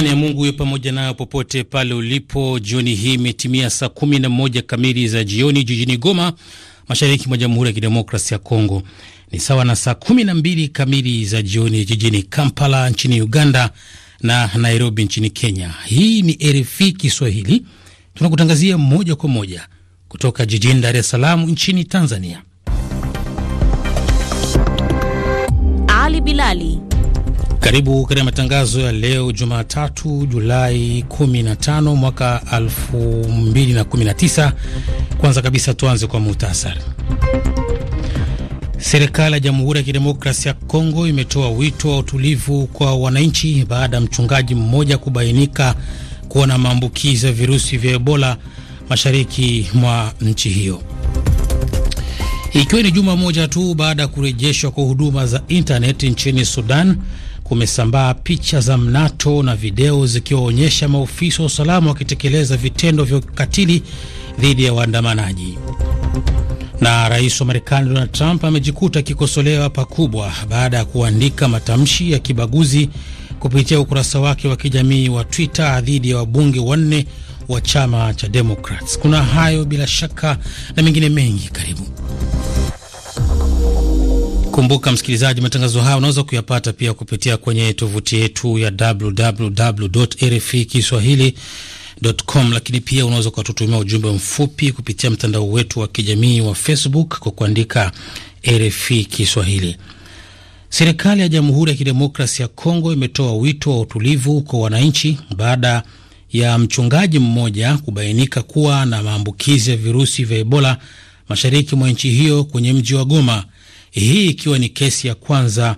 Amani ya Mungu iwe pamoja nayo popote pale ulipo. Jioni hii imetimia saa kumi na moja kamili za jioni jijini Goma, mashariki mwa Jamhuri ya Kidemokrasi ya Kongo, ni sawa na saa kumi na mbili kamili za jioni jijini Kampala nchini Uganda na Nairobi nchini Kenya. Hii ni RFI Kiswahili, tunakutangazia moja kwa moja kutoka jijini Dar es Salaam nchini Tanzania. Ali Bilali karibu katika matangazo ya leo Jumatatu, Julai 15 mwaka 2019. Kwanza kabisa tuanze kwa muhtasari. Serikali ya Jamhuri ya Kidemokrasia ya Kongo imetoa wito wa utulivu kwa wananchi baada ya mchungaji mmoja kubainika kuwa na maambukizi ya virusi vya Ebola mashariki mwa nchi hiyo. Ikiwa ni juma moja tu baada ya kurejeshwa kwa huduma za intaneti nchini Sudan, kumesambaa picha za mnato na video zikiwaonyesha maofisa wa usalama wakitekeleza vitendo vya ukatili dhidi ya waandamanaji. Na rais wa Marekani Donald Trump amejikuta akikosolewa pakubwa baada ya kuandika matamshi ya kibaguzi kupitia ukurasa wake wa kijamii wa Twitter dhidi ya wabunge wanne wa chama cha Democrats. Kuna hayo bila shaka na mengine mengi, karibu Kumbuka msikilizaji, matangazo haya unaweza kuyapata pia kupitia kwenye tovuti yetu ya www lakini pia unaweza ukatutumia ujumbe mfupi kupitia mtandao wetu wa kijamii wa Facebook kwa kuandika RFI Kiswahili. Serikali ya Jamhuri ya Kidemokrasi ya Kongo imetoa wito wa utulivu kwa wananchi baada ya mchungaji mmoja kubainika kuwa na maambukizi ya virusi vya Ebola mashariki mwa nchi hiyo kwenye mji wa Goma hii ikiwa ni kesi ya kwanza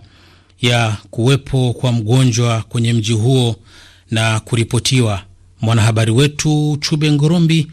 ya kuwepo kwa mgonjwa kwenye mji huo na kuripotiwa. Mwanahabari wetu Chube Ngorombi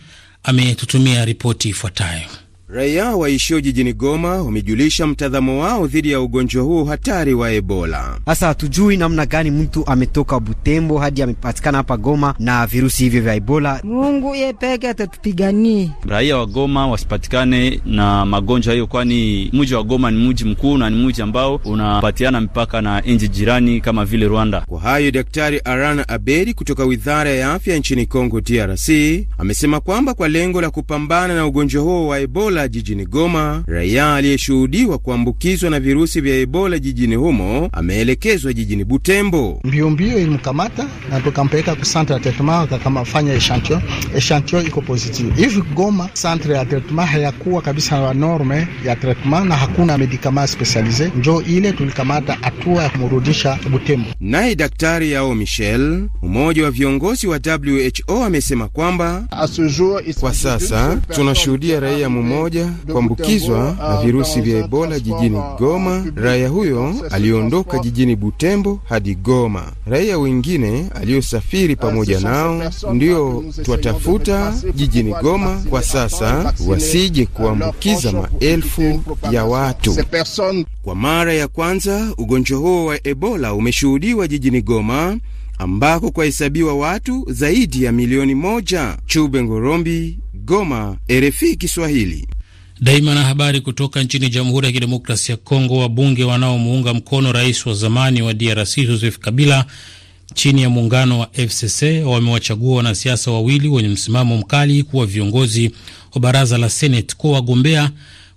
ametutumia ripoti ifuatayo. Raia waishio jijini Goma wamejulisha mtazamo wao dhidi ya ugonjwa huo hatari wa Ebola. Hasa hatujui namna gani mtu ametoka Butembo hadi amepatikana hapa Goma na virusi hivyo vya Ebola. Mungu ye peke atatupiganie. Raia wa Goma wasipatikane na magonjwa hiyo, kwani mji wa Goma ni mji mkuu na ni mji ambao unapatiana mipaka na nchi jirani kama vile Rwanda. Kwa hayo, Daktari Aran Abedi kutoka Wizara ya Afya nchini Kongo DRC amesema kwamba kwa lengo la kupambana na ugonjwa huo wa Ebola Ebola jijini Goma, raia aliyeshuhudiwa kuambukizwa na virusi vya Ebola jijini humo ameelekezwa jijini Butembo. Mbio mbio ilimkamata na tukampeleka ku centre ya tetema, akakamafanya echantion, echantion iko positive hivi. Goma centre ya tetema hayakuwa kabisa na norme ya tetema na hakuna medikama spesialize, njo ile tulikamata hatua ya kumrudisha Butembo. Naye daktari Yao Michel, mmoja wa viongozi wa WHO, amesema kwamba kwa sasa tunashuhudia raia mmoja mmoja kuambukizwa na ah, virusi vya Ebola jijini Goma. Raia huyo aliondoka jijini Butembo hadi Goma. Raia wengine aliyosafiri ah, pamoja nao ndio twatafuta jijini Goma kwa sasa, wasije ah, kuambukiza maelfu ya watu. Kwa mara ya kwanza ugonjwa huo wa Ebola umeshuhudiwa jijini Goma ambako kwahesabiwa watu zaidi ya milioni moja. Chube Ngorombi, Goma, RFI Kiswahili. Daima na habari kutoka nchini Jamhuri ya Kidemokrasia ya Kongo, wabunge wanaomuunga mkono rais wa zamani wa DRC Joseph Kabila chini ya muungano wa FCC wamewachagua wanasiasa wawili wenye msimamo mkali kuwa viongozi wa baraza la Senate kuwa wagombea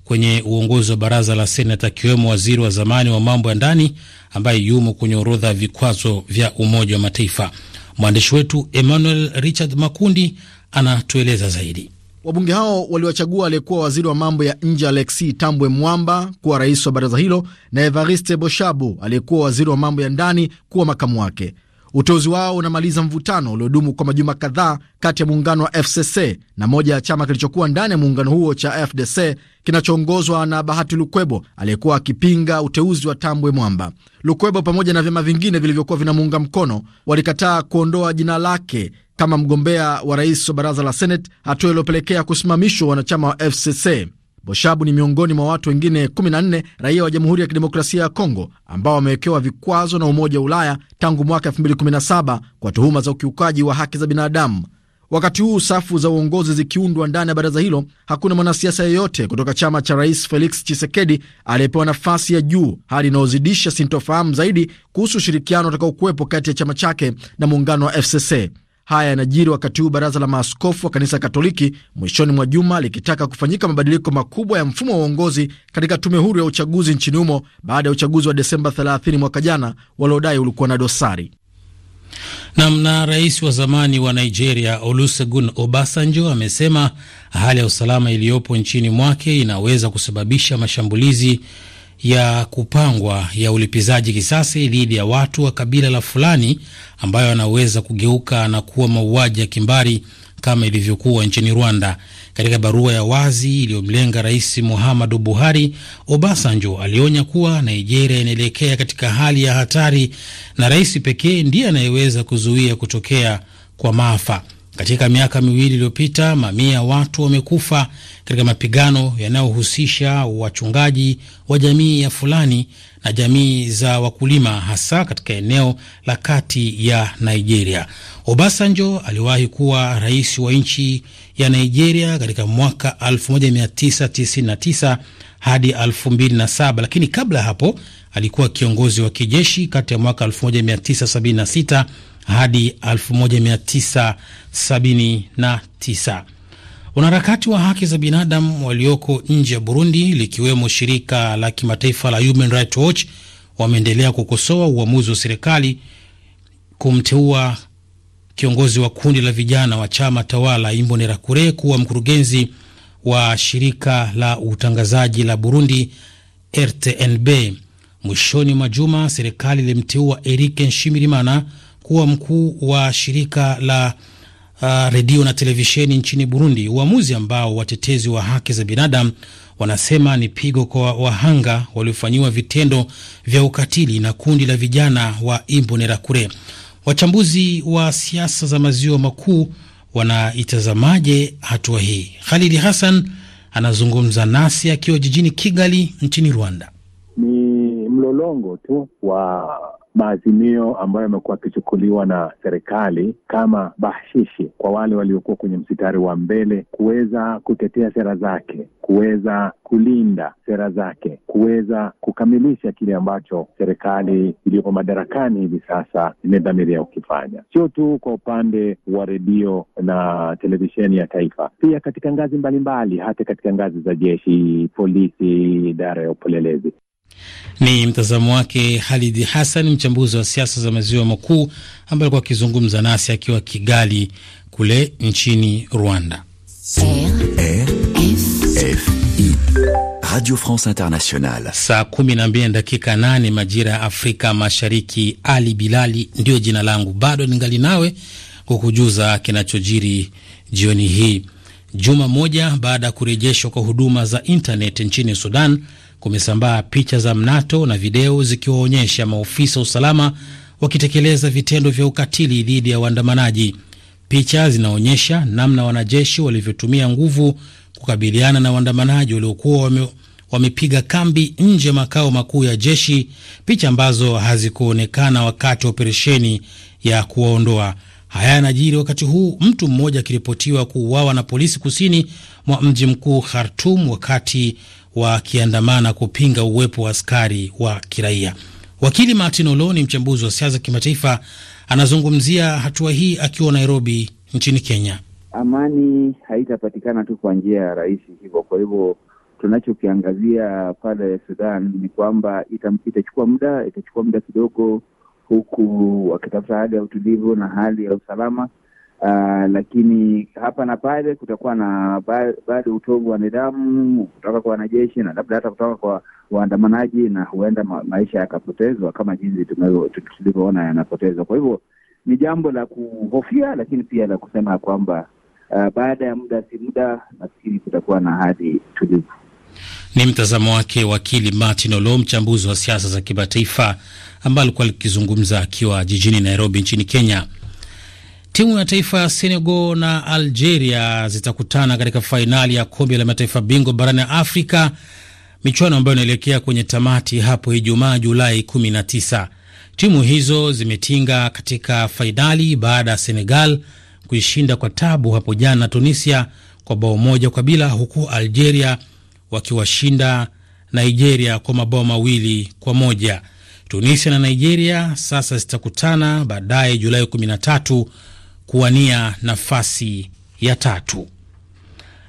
kwenye uongozi wa baraza la Senate, akiwemo waziri wa zamani wa mambo ya ndani ambaye yumo kwenye orodha ya vikwazo vya Umoja wa Mataifa. Mwandishi wetu Emmanuel Richard Makundi anatueleza zaidi. Wabunge hao waliwachagua aliyekuwa waziri wa mambo ya nje Alexi Tambwe Mwamba kuwa rais wa baraza hilo na Evariste Boshabu aliyekuwa waziri wa mambo ya ndani kuwa makamu wake. Uteuzi wao unamaliza mvutano uliodumu kwa majuma kadhaa kati ya muungano wa FCC na moja ya chama kilichokuwa ndani ya muungano huo cha FDC kinachoongozwa na Bahati Lukwebo aliyekuwa akipinga uteuzi wa Tambwe Mwamba. Lukwebo pamoja na vyama vingine vilivyokuwa vinamuunga mkono walikataa kuondoa jina lake kama mgombea wa rais wa baraza la Senate, hatua iliyopelekea kusimamishwa wanachama wa FCC. Boshabu ni miongoni mwa watu wengine 14 raia wa Jamhuri ya Kidemokrasia ya Kongo ambao wamewekewa vikwazo na Umoja wa Ulaya tangu mwaka 2017 kwa tuhuma za ukiukaji wa haki za binadamu. Wakati huu safu za uongozi zikiundwa ndani ya baraza hilo, hakuna mwanasiasa yeyote kutoka chama cha Rais Felix chisekedi aliyepewa nafasi ya juu, hali inayozidisha sintofahamu zaidi kuhusu ushirikiano utakaokuwepo kati ya chama chake na muungano wa FCC. Haya yanajiri wakati huu baraza la maaskofu wa kanisa Katoliki mwishoni mwa juma likitaka kufanyika mabadiliko makubwa ya mfumo wa uongozi katika tume huru ya uchaguzi nchini humo baada ya uchaguzi wa Desemba 30 mwaka jana waliodai ulikuwa na dosari. nam na rais wa zamani wa Nigeria Olusegun Obasanjo amesema hali ya usalama iliyopo nchini mwake inaweza kusababisha mashambulizi ya kupangwa ya ulipizaji kisasi dhidi ya watu wa kabila la fulani ambayo yanaweza kugeuka na kuwa mauaji ya kimbari kama ilivyokuwa nchini Rwanda. Katika barua ya wazi iliyomlenga Rais Muhammadu Buhari, Obasanjo alionya kuwa Nigeria inaelekea katika hali ya hatari na rais pekee ndiye anayeweza kuzuia kutokea kwa maafa. Katika miaka miwili iliyopita, mamia watu wamekufa katika mapigano yanayohusisha wachungaji wa jamii ya Fulani na jamii za wakulima, hasa katika eneo la kati ya Nigeria. Obasanjo aliwahi kuwa rais wa nchi ya Nigeria katika mwaka 1999 hadi 2007, lakini kabla ya hapo alikuwa kiongozi wa kijeshi kati ya mwaka 1976 hadi 1979. Wanaharakati wa haki za binadamu walioko nje ya Burundi likiwemo shirika la kimataifa la Human Rights Watch wameendelea kukosoa uamuzi wa serikali kumteua kiongozi wa kundi la vijana wa chama tawala Imbonerakure kuwa mkurugenzi wa shirika la utangazaji la Burundi RTNB. Mwishoni mwa juma serikali ilimteua Eric Nshimirimana kuwa mkuu wa shirika la uh, redio na televisheni nchini Burundi, uamuzi ambao watetezi wa haki za binadamu wanasema ni pigo kwa wahanga waliofanyiwa vitendo vya ukatili na kundi la vijana wa Imbonerakure. Wachambuzi wa siasa za maziwa makuu wanaitazamaje hatua hii? Khalidi Hassan anazungumza nasi akiwa jijini Kigali nchini Rwanda. Ni mlolongo tu wa maazimio ambayo yamekuwa akichukuliwa na serikali kama bashishi kwa wale waliokuwa kwenye msitari wa mbele kuweza kutetea sera zake, kuweza kulinda sera zake, kuweza kukamilisha kile ambacho serikali iliyoko madarakani hivi sasa imedhamiria kukifanya, sio tu kwa upande wa redio na televisheni ya taifa, pia katika ngazi mbalimbali, hata katika ngazi za jeshi, polisi, idara ya upelelezi. Ni mtazamo wake Halid Hassan, mchambuzi wa siasa za maziwa makuu, ambaye alikuwa akizungumza nasi akiwa Kigali kule nchini Rwanda. RFI Radio France Internationale, saa kumi na mbili na dakika nane majira ya Afrika Mashariki. Ali Bilali ndiyo jina langu, bado ningali nawe kukujuza kinachojiri jioni hii. Juma moja baada ya kurejeshwa kwa huduma za internet nchini Sudan, kumesambaa picha za mnato na video zikiwaonyesha maofisa usalama wakitekeleza vitendo vya ukatili dhidi ya waandamanaji. Picha zinaonyesha namna wanajeshi walivyotumia nguvu kukabiliana na waandamanaji waliokuwa wame wamepiga kambi nje ya makao makuu ya jeshi, picha ambazo hazikuonekana wakati wa operesheni ya kuwaondoa. Haya yanajiri wakati huu mtu mmoja akiripotiwa kuuawa na polisi kusini mwa mji mkuu Khartum wakati wakiandamana kupinga uwepo wa askari wa kiraia. Wakili Martin Olo ni mchambuzi wa siasa kimataifa, anazungumzia hatua hii akiwa Nairobi nchini Kenya. Amani haitapatikana tu kwa njia ya rahisi hivyo. Kwa hivyo tunachokiangazia pale Sudan ni kwamba itachukua muda, itachukua muda kidogo, huku wakitafuta hali ya utulivu na hali ya usalama Uh, lakini hapa na pale kutakuwa na bado utovu wa nidhamu kutoka kwa wanajeshi na labda hata kutoka kwa waandamanaji, na huenda ma maisha yakapotezwa kama jinsi tulivyoona yanapotezwa. Kwa hivyo ni jambo la kuhofia, lakini pia la kusema kwamba uh, baada ya muda si muda, nafikiri kutakuwa na hali tulivu. Ni mtazamo wake wakili Martin Olo, mchambuzi wa siasa za kimataifa, ambaye alikuwa likizungumza akiwa jijini Nairobi nchini Kenya. Timu ya taifa ya Senegal na Algeria zitakutana katika fainali ya kombe la mataifa bingwa barani Afrika, michuano ambayo inaelekea kwenye tamati hapo Ijumaa Julai 19. Timu hizo zimetinga katika fainali baada ya Senegal kuishinda kwa tabu hapo jana Tunisia kwa bao moja kwa bila, huku Algeria wakiwashinda Nigeria kwa mabao mawili kwa moja. Tunisia na Nigeria sasa zitakutana baadaye Julai 13 kuwania nafasi ya tatu.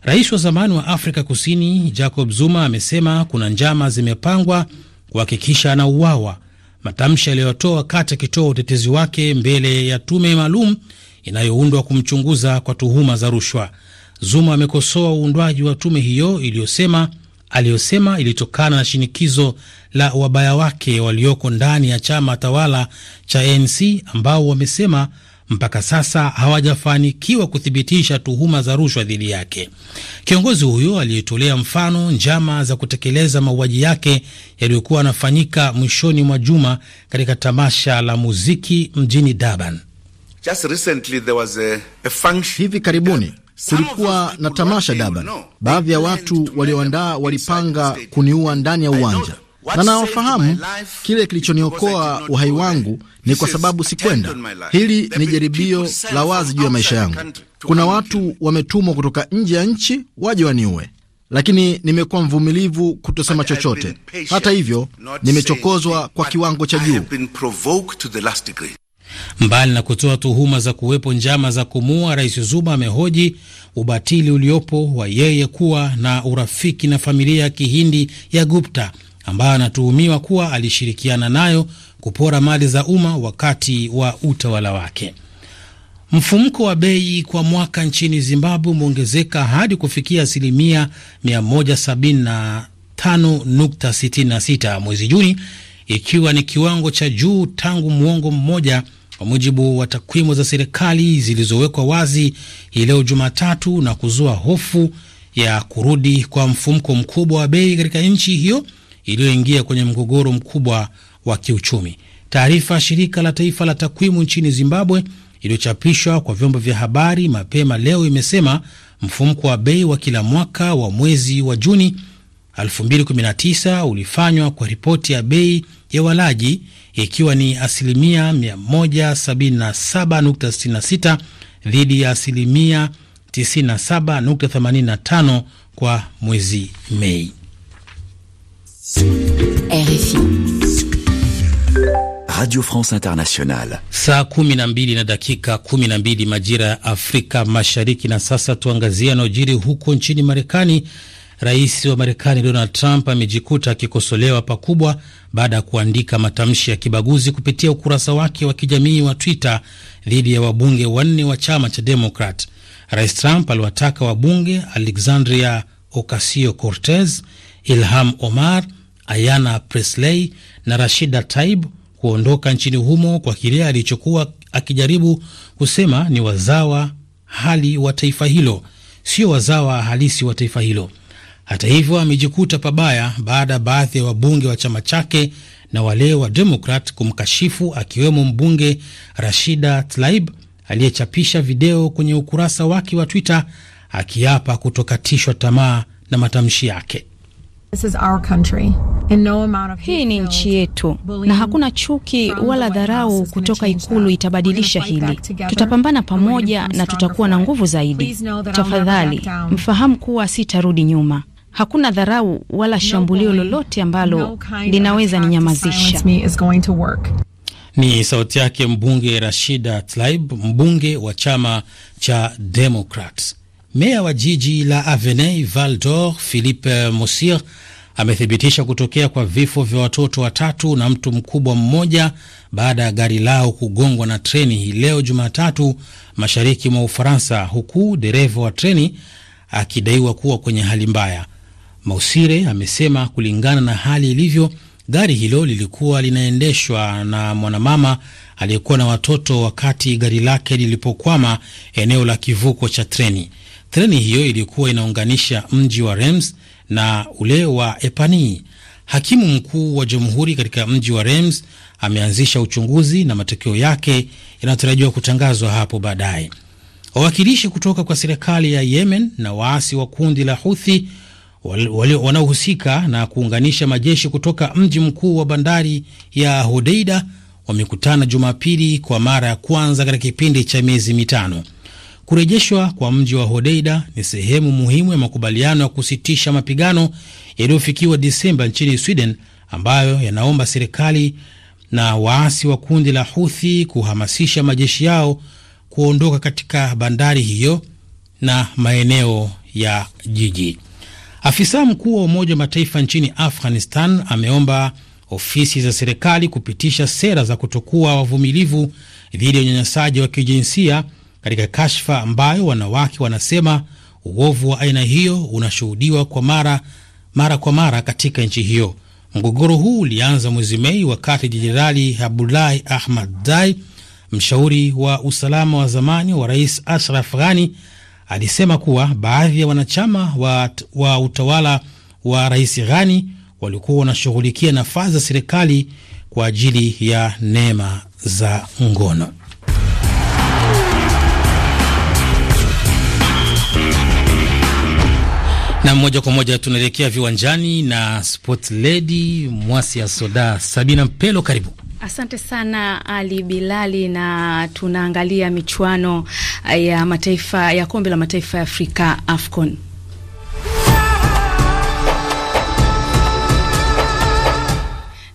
Rais wa zamani wa Afrika Kusini Jacob Zuma amesema kuna njama zimepangwa kuhakikisha anauawa, matamshi aliyotoa wakati akitoa utetezi wake mbele ya tume maalum inayoundwa kumchunguza kwa tuhuma za rushwa. Zuma amekosoa uundwaji wa tume hiyo iliyosema aliyosema ilitokana na shinikizo la wabaya wake walioko ndani ya chama tawala cha ANC ambao wamesema mpaka sasa hawajafanikiwa kuthibitisha tuhuma za rushwa dhidi yake. Kiongozi huyo aliyetolea mfano njama za kutekeleza mauaji yake yaliyokuwa anafanyika mwishoni mwa juma katika tamasha la muziki mjini Durban. Just recently there was a, a function... hivi karibuni kulikuwa na tamasha Durban. Baadhi ya watu walioandaa walipanga kuniua ndani ya uwanja na nawafahamu. Kile kilichoniokoa uhai wangu ni kwa sababu sikwenda. Hili ni jaribio la wazi juu ya maisha yangu. Kuna watu wametumwa kutoka nje ya nchi waje waniue, lakini nimekuwa mvumilivu kutosema chochote. Hata hivyo, nimechokozwa kwa kiwango cha juu. Mbali na kutoa tuhuma za kuwepo njama za kumua, Rais Zuma amehoji ubatili uliopo wa yeye kuwa na urafiki na familia ya kihindi ya Gupta ambaye anatuhumiwa kuwa alishirikiana nayo kupora mali za umma wakati wa utawala wake. mfumko wa bei kwa mwaka nchini Zimbabwe umeongezeka hadi kufikia asilimia 175.66 mwezi Juni, ikiwa ni kiwango cha juu tangu muongo mmoja, kwa mujibu wa takwimu za serikali zilizowekwa wazi hii leo Jumatatu, na kuzua hofu ya kurudi kwa mfumko mkubwa wa bei katika nchi hiyo iliyoingia kwenye mgogoro mkubwa wa kiuchumi. Taarifa ya shirika la taifa la takwimu nchini Zimbabwe iliyochapishwa kwa vyombo vya habari mapema leo imesema mfumko wa bei wa kila mwaka wa mwezi wa Juni 2019 ulifanywa kwa ripoti ya bei ya walaji ikiwa ni asilimia 177.66 dhidi ya asilimia 97.85 kwa mwezi Mei. RFI. Radio France Internationale. Saa kumi na mbili na dakika kumi na mbili majira ya Afrika Mashariki. Na sasa tuangazie yanayojiri huko nchini Marekani. Rais wa Marekani Donald Trump amejikuta akikosolewa pakubwa baada ya kuandika matamshi ya kibaguzi kupitia ukurasa wake wa kijamii wa Twitter dhidi ya wabunge wanne wa chama cha Demokrat. Rais Trump aliwataka wabunge Alexandria Ocasio Cortez, Ilham Omar Ayana Presley na Rashida Taib kuondoka nchini humo kwa kile alichokuwa akijaribu kusema ni wazawa hali wa taifa hilo, sio wazawa halisi wa taifa hilo. Hata hivyo, amejikuta pabaya baada ya baadhi ya wabunge wa chama chake na wale wa Demokrat kumkashifu akiwemo mbunge Rashida Tlaib aliyechapisha video kwenye ukurasa wake wa Twitter akiapa kutokatishwa tamaa na matamshi yake hii ni nchi yetu, na hakuna chuki wala dharau kutoka Ikulu itabadilisha hili. Tutapambana pamoja na tutakuwa na nguvu zaidi. Tafadhali mfahamu kuwa sitarudi nyuma. Hakuna dharau wala shambulio lolote ambalo linaweza ninyamazisha. Ni sauti yake mbunge Rashida Tlaib, mbunge wa chama cha Democrats. Meya wa jiji la Aveney Val d'Or Philippe Mosir amethibitisha kutokea kwa vifo vya watoto watatu na mtu mkubwa mmoja baada ya gari lao kugongwa na treni hii leo Jumatatu mashariki mwa Ufaransa, huku dereva wa treni akidaiwa kuwa kwenye hali mbaya. Mausire amesema kulingana na hali ilivyo, gari hilo lilikuwa linaendeshwa na mwanamama aliyekuwa na watoto wakati gari lake lilipokwama eneo la kivuko cha treni. Treni hiyo ilikuwa inaunganisha mji wa Reims na ule wa Epani. Hakimu mkuu wa jamhuri katika mji wa Reims ameanzisha uchunguzi na matokeo yake yanatarajiwa kutangazwa hapo baadaye. Wawakilishi kutoka kwa serikali ya Yemen na waasi wa kundi la Huthi wanaohusika na kuunganisha majeshi kutoka mji mkuu wa bandari ya Hodeida wamekutana Jumapili kwa mara ya kwanza katika kipindi cha miezi mitano. Kurejeshwa kwa mji wa Hodeida ni sehemu muhimu ya makubaliano ya kusitisha mapigano yaliyofikiwa Disemba nchini Sweden, ambayo yanaomba serikali na waasi wa kundi la Huthi kuhamasisha majeshi yao kuondoka katika bandari hiyo na maeneo ya jiji. Afisa mkuu wa Umoja wa Mataifa nchini Afghanistan ameomba ofisi za serikali kupitisha sera za kutokuwa wavumilivu dhidi ya unyanyasaji wa kijinsia katika kashfa ambayo wanawake wanasema uovu wa aina hiyo unashuhudiwa kwa mara, mara kwa mara katika nchi hiyo. Mgogoro huu ulianza mwezi Mei wakati Jenerali Abdulahi Ahmad Dai, mshauri wa usalama wa zamani wa Rais Ashraf Ghani, alisema kuwa baadhi ya wanachama wa, wa utawala wa Rais Ghani walikuwa wanashughulikia nafasi za serikali kwa ajili ya neema za ngono. Na moja kwa moja tunaelekea viwanjani na Sport Lady Mwasi ya Soda. Sabina Mpelo, karibu. Asante sana Ali Bilali, na tunaangalia michuano ya mataifa ya kombe la mataifa ya Afrika AFCON.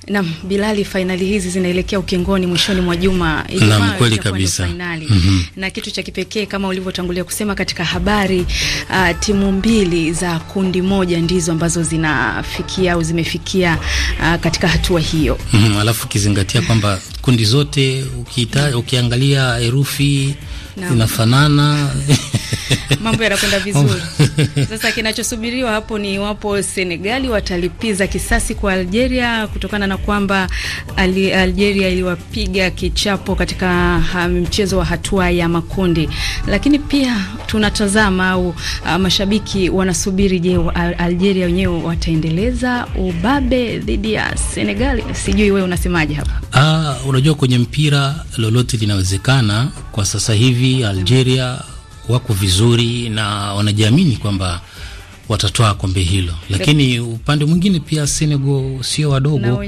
Na Bilali, fainali hizi zinaelekea ukingoni mwishoni mwa juma. Naam, kweli kabisa. Fainali. Mm -hmm. Na kitu cha kipekee kama ulivyotangulia kusema katika habari uh, timu mbili za kundi moja ndizo ambazo zinafikia au zimefikia uh, katika hatua hiyo. Mm -hmm. Alafu ukizingatia kwamba kundi zote ukiangalia herufi inafanana mambo yanakwenda vizuri. Sasa kinachosubiriwa hapo ni iwapo Senegali watalipiza kisasi kwa Algeria kutokana na kwamba Algeria iliwapiga kichapo katika um, mchezo wa hatua ya makundi, lakini pia tunatazama au uh, mashabiki wanasubiri, je, Algeria wenyewe wataendeleza ubabe dhidi ya Senegali? Sijui wewe unasemaje hapa? Ah, unajua kwenye mpira lolote linawezekana. Kwa sasa hivi Algeria wako vizuri na wanajiamini kwamba watatoa kombe hilo, lakini upande mwingine pia Senegal sio wadogo,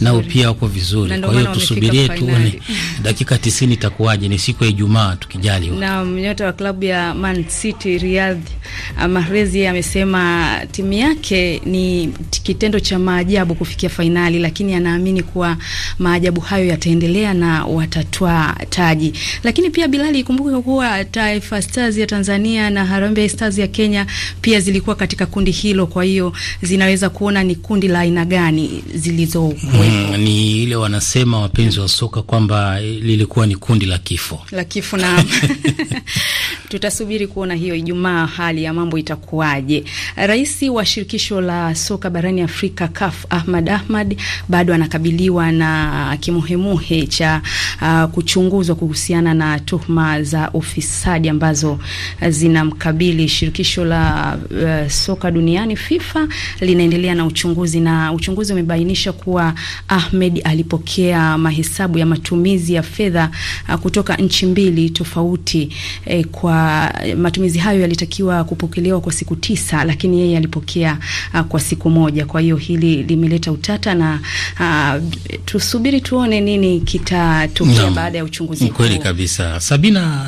nao pia wako vizuri. Kwa hiyo tusubirie tuone dakika tisini itakuwaje. Ni siku ya Ijumaa tukijaliwa. Na nyota wa klabu ya Man City Riyadh Mahrez amesema timu yake ni kitendo cha maajabu kufikia fainali, lakini anaamini kuwa maajabu hayo yataendelea na watatwaa taji. Lakini pia Bilali, ikumbuke kuwa Taifa Stars ya Tanzania na Harambee Stars ya Kenya pia zilikuwa katika kundi hilo, kwa hiyo zinaweza kuona ni kundi la aina gani zilizo mm, ni ile wanasema wapenzi wa soka kwamba eh, lilikuwa ni kundi la kifo la kifo na tutasubiri kuona hiyo Ijumaa hali ya mambo itakuwaje. Rais wa shirikisho la soka barani Afrika CAF Ahmad Ahmad bado anakabiliwa na kimuhemuhe cha uh, kuchunguzwa kuhusiana na tuhuma za ufisadi ambazo ah, zinamkabili shirikisho la uh, soka duniani FIFA linaendelea na uchunguzi, na uchunguzi umebainisha kuwa Ahmed alipokea mahesabu ya matumizi ya fedha uh, kutoka nchi mbili tofauti. E, kwa eh, matumizi hayo yalitakiwa kupokelewa kwa siku tisa, lakini yeye alipokea a, uh, kwa siku moja. Kwa hiyo hili limeleta utata na a, uh, tusubiri tuone nini kitatokea baada ya uchunguzi. Kweli kabisa, Sabina.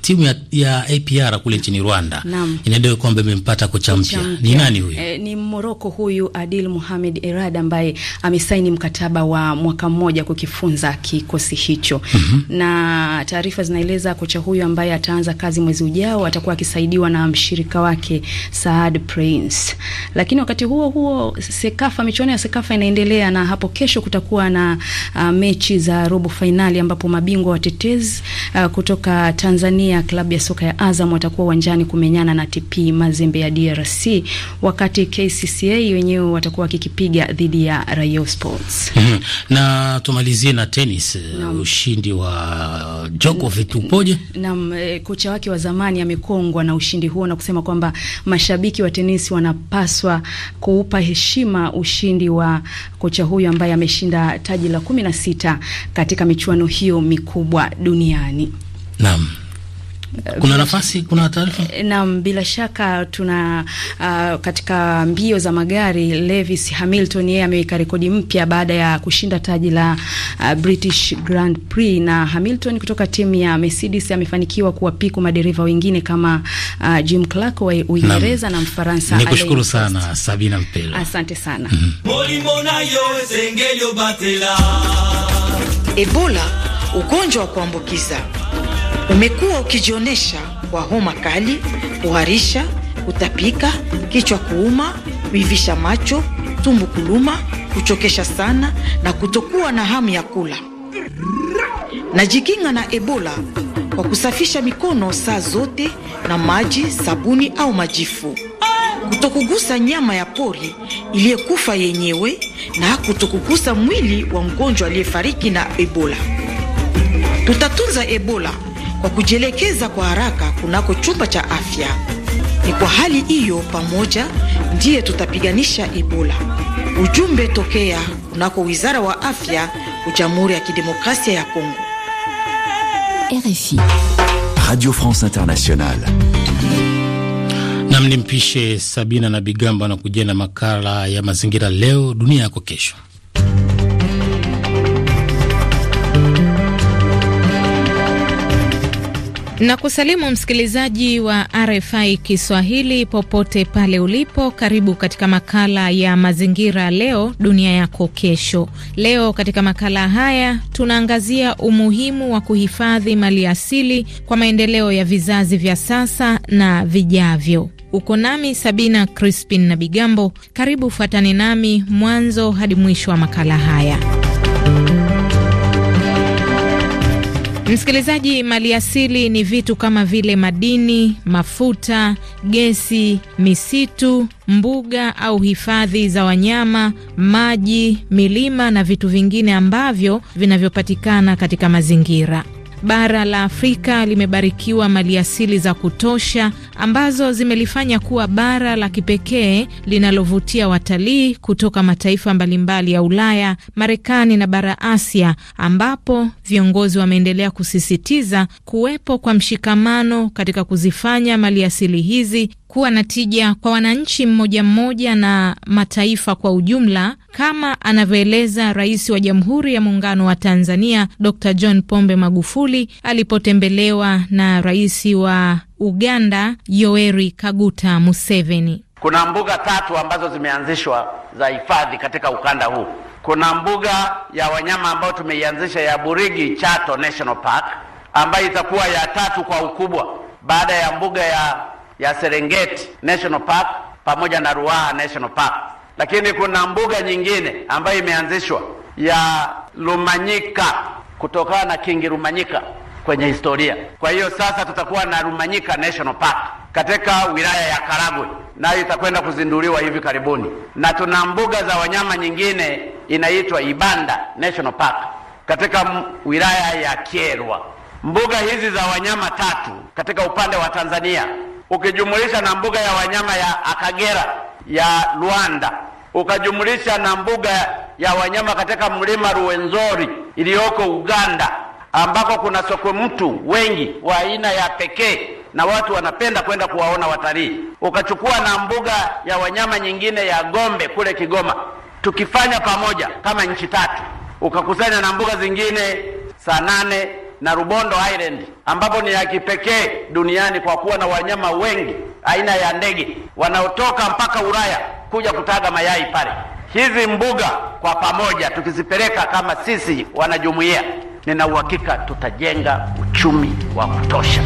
Timu ya, ya APR kule nchini Rwanda inaendelea kwamba imempata kocha mcha mpya. Ni nani huyu? E, ni Moroko huyu Adil Mohamed Erad ambaye amesaini mkataba wa mwaka mmoja kukifunza kikosi hicho. Mm -hmm. Na taarifa zinaeleza kocha huyu ambaye ataanza kazi mwezi ujao atakuwa akisaidiwa na mshirika wake Saad Prince. Lakini wakati huo huo Sekafa, michuano ya Sekafa inaendelea na hapo kesho kutakuwa na uh, mechi za robo fainali ambapo mabingwa watetezi uh, ah, kutoka Tanzania klabu ya soka ya Azam watakuwa uwanjani kumenyana na TP Mazembe ya DRC. KCC, wakati KCCA wenyewe watakuwa wakikipiga dhidi ya Rayon Sports. Mm -hmm. Na tumalizie na tenis, eh, ushindi wa Djokovic upoje? Naam, eh, kocha wake wa zamani amekongwa na ushindi huo na kusema kwamba mashabiki wa tenisi wanapaswa kuupa heshima ushindi wa kocha huyu ambaye ameshinda taji la kumi na sita katika michuano hiyo mikubwa duniani. Naam. Kuna nafasi, kuna taarifa eh, naam, bila shaka tuna uh, katika mbio za magari Lewis Hamilton yeye ameweka rekodi mpya baada ya kushinda taji la uh, British Grand Prix, na Hamilton kutoka timu ya Mercedes amefanikiwa kuwapiku madereva wengine kama uh, Jim Clark wa Uingereza na Mfaransa. Nikushukuru sana Sabina Mpelo, asante sana mm -hmm. Ebola ugonjwa wa kuambukiza Umekuwa ukijionyesha kwa homa kali, kuharisha, kutapika, kichwa kuuma, kuivisha macho, tumbo kuluma, kuchokesha sana na kutokuwa na hamu ya kula. Najikinga na Ebola kwa kusafisha mikono saa zote na maji, sabuni au majifu, kutokugusa nyama ya pori iliyekufa yenyewe na kutokugusa mwili wa mgonjwa aliyefariki na Ebola. Tutatunza Ebola kwa kujielekeza kwa haraka kunako chumba cha afya. Ni kwa hali hiyo pamoja ndiye tutapiganisha Ebola. Ujumbe tokea kunako Wizara wa Afya Jamhuri ya Kidemokrasia ya Kongo. RFI. Radio France Internationale. Namni mpishe Sabina na Bigamba na kujia na makala ya mazingira leo dunia yako kesho. Na kusalimu msikilizaji wa RFI Kiswahili popote pale ulipo, karibu katika makala ya mazingira leo dunia yako kesho. Leo katika makala haya tunaangazia umuhimu wa kuhifadhi mali asili kwa maendeleo ya vizazi vya sasa na vijavyo. Uko nami Sabina Crispin na Bigambo, karibu fuatane nami mwanzo hadi mwisho wa makala haya. Msikilizaji, mali asili ni vitu kama vile madini, mafuta, gesi, misitu, mbuga au hifadhi za wanyama, maji, milima na vitu vingine ambavyo vinavyopatikana katika mazingira. Bara la Afrika limebarikiwa maliasili za kutosha ambazo zimelifanya kuwa bara la kipekee linalovutia watalii kutoka mataifa mbalimbali ya Ulaya, Marekani na bara Asia, ambapo viongozi wameendelea kusisitiza kuwepo kwa mshikamano katika kuzifanya maliasili hizi kuwa na tija kwa wananchi mmoja mmoja na mataifa kwa ujumla kama anavyoeleza Rais wa Jamhuri ya Muungano wa Tanzania Dr. John Pombe Magufuli alipotembelewa na Rais wa Uganda Yoweri Kaguta Museveni. Kuna mbuga tatu ambazo zimeanzishwa za hifadhi katika ukanda huu. Kuna mbuga ya wanyama ambayo tumeianzisha ya Burigi Chato National Park ambayo itakuwa ya tatu kwa ukubwa baada ya mbuga ya, ya Serengeti National Park pamoja na Ruaha National Park. Lakini kuna mbuga nyingine ambayo imeanzishwa ya rumanyika kutokana na King Rumanyika kwenye historia. Kwa hiyo sasa tutakuwa na Rumanyika National Park katika wilaya ya Karagwe, nayo itakwenda kuzinduliwa hivi karibuni, na tuna mbuga za wanyama nyingine inaitwa Ibanda National Park katika wilaya ya Kyerwa. Mbuga hizi za wanyama tatu katika upande wa Tanzania ukijumulisha na mbuga ya wanyama ya Akagera ya Rwanda ukajumulisha na mbuga ya wanyama katika mlima Ruwenzori iliyoko Uganda, ambako kuna sokwe mtu wengi wa aina ya pekee na watu wanapenda kwenda kuwaona watalii. Ukachukua na mbuga ya wanyama nyingine ya Gombe kule Kigoma, tukifanya pamoja kama nchi tatu, ukakusanya na mbuga zingine saa na Rubondo Island ambapo ni ya kipekee duniani kwa kuwa na wanyama wengi aina ya ndege wanaotoka mpaka Ulaya kuja kutaga mayai pale. Hizi mbuga kwa pamoja tukizipeleka kama sisi wanajumuiya, nina uhakika tutajenga uchumi wa kutosha.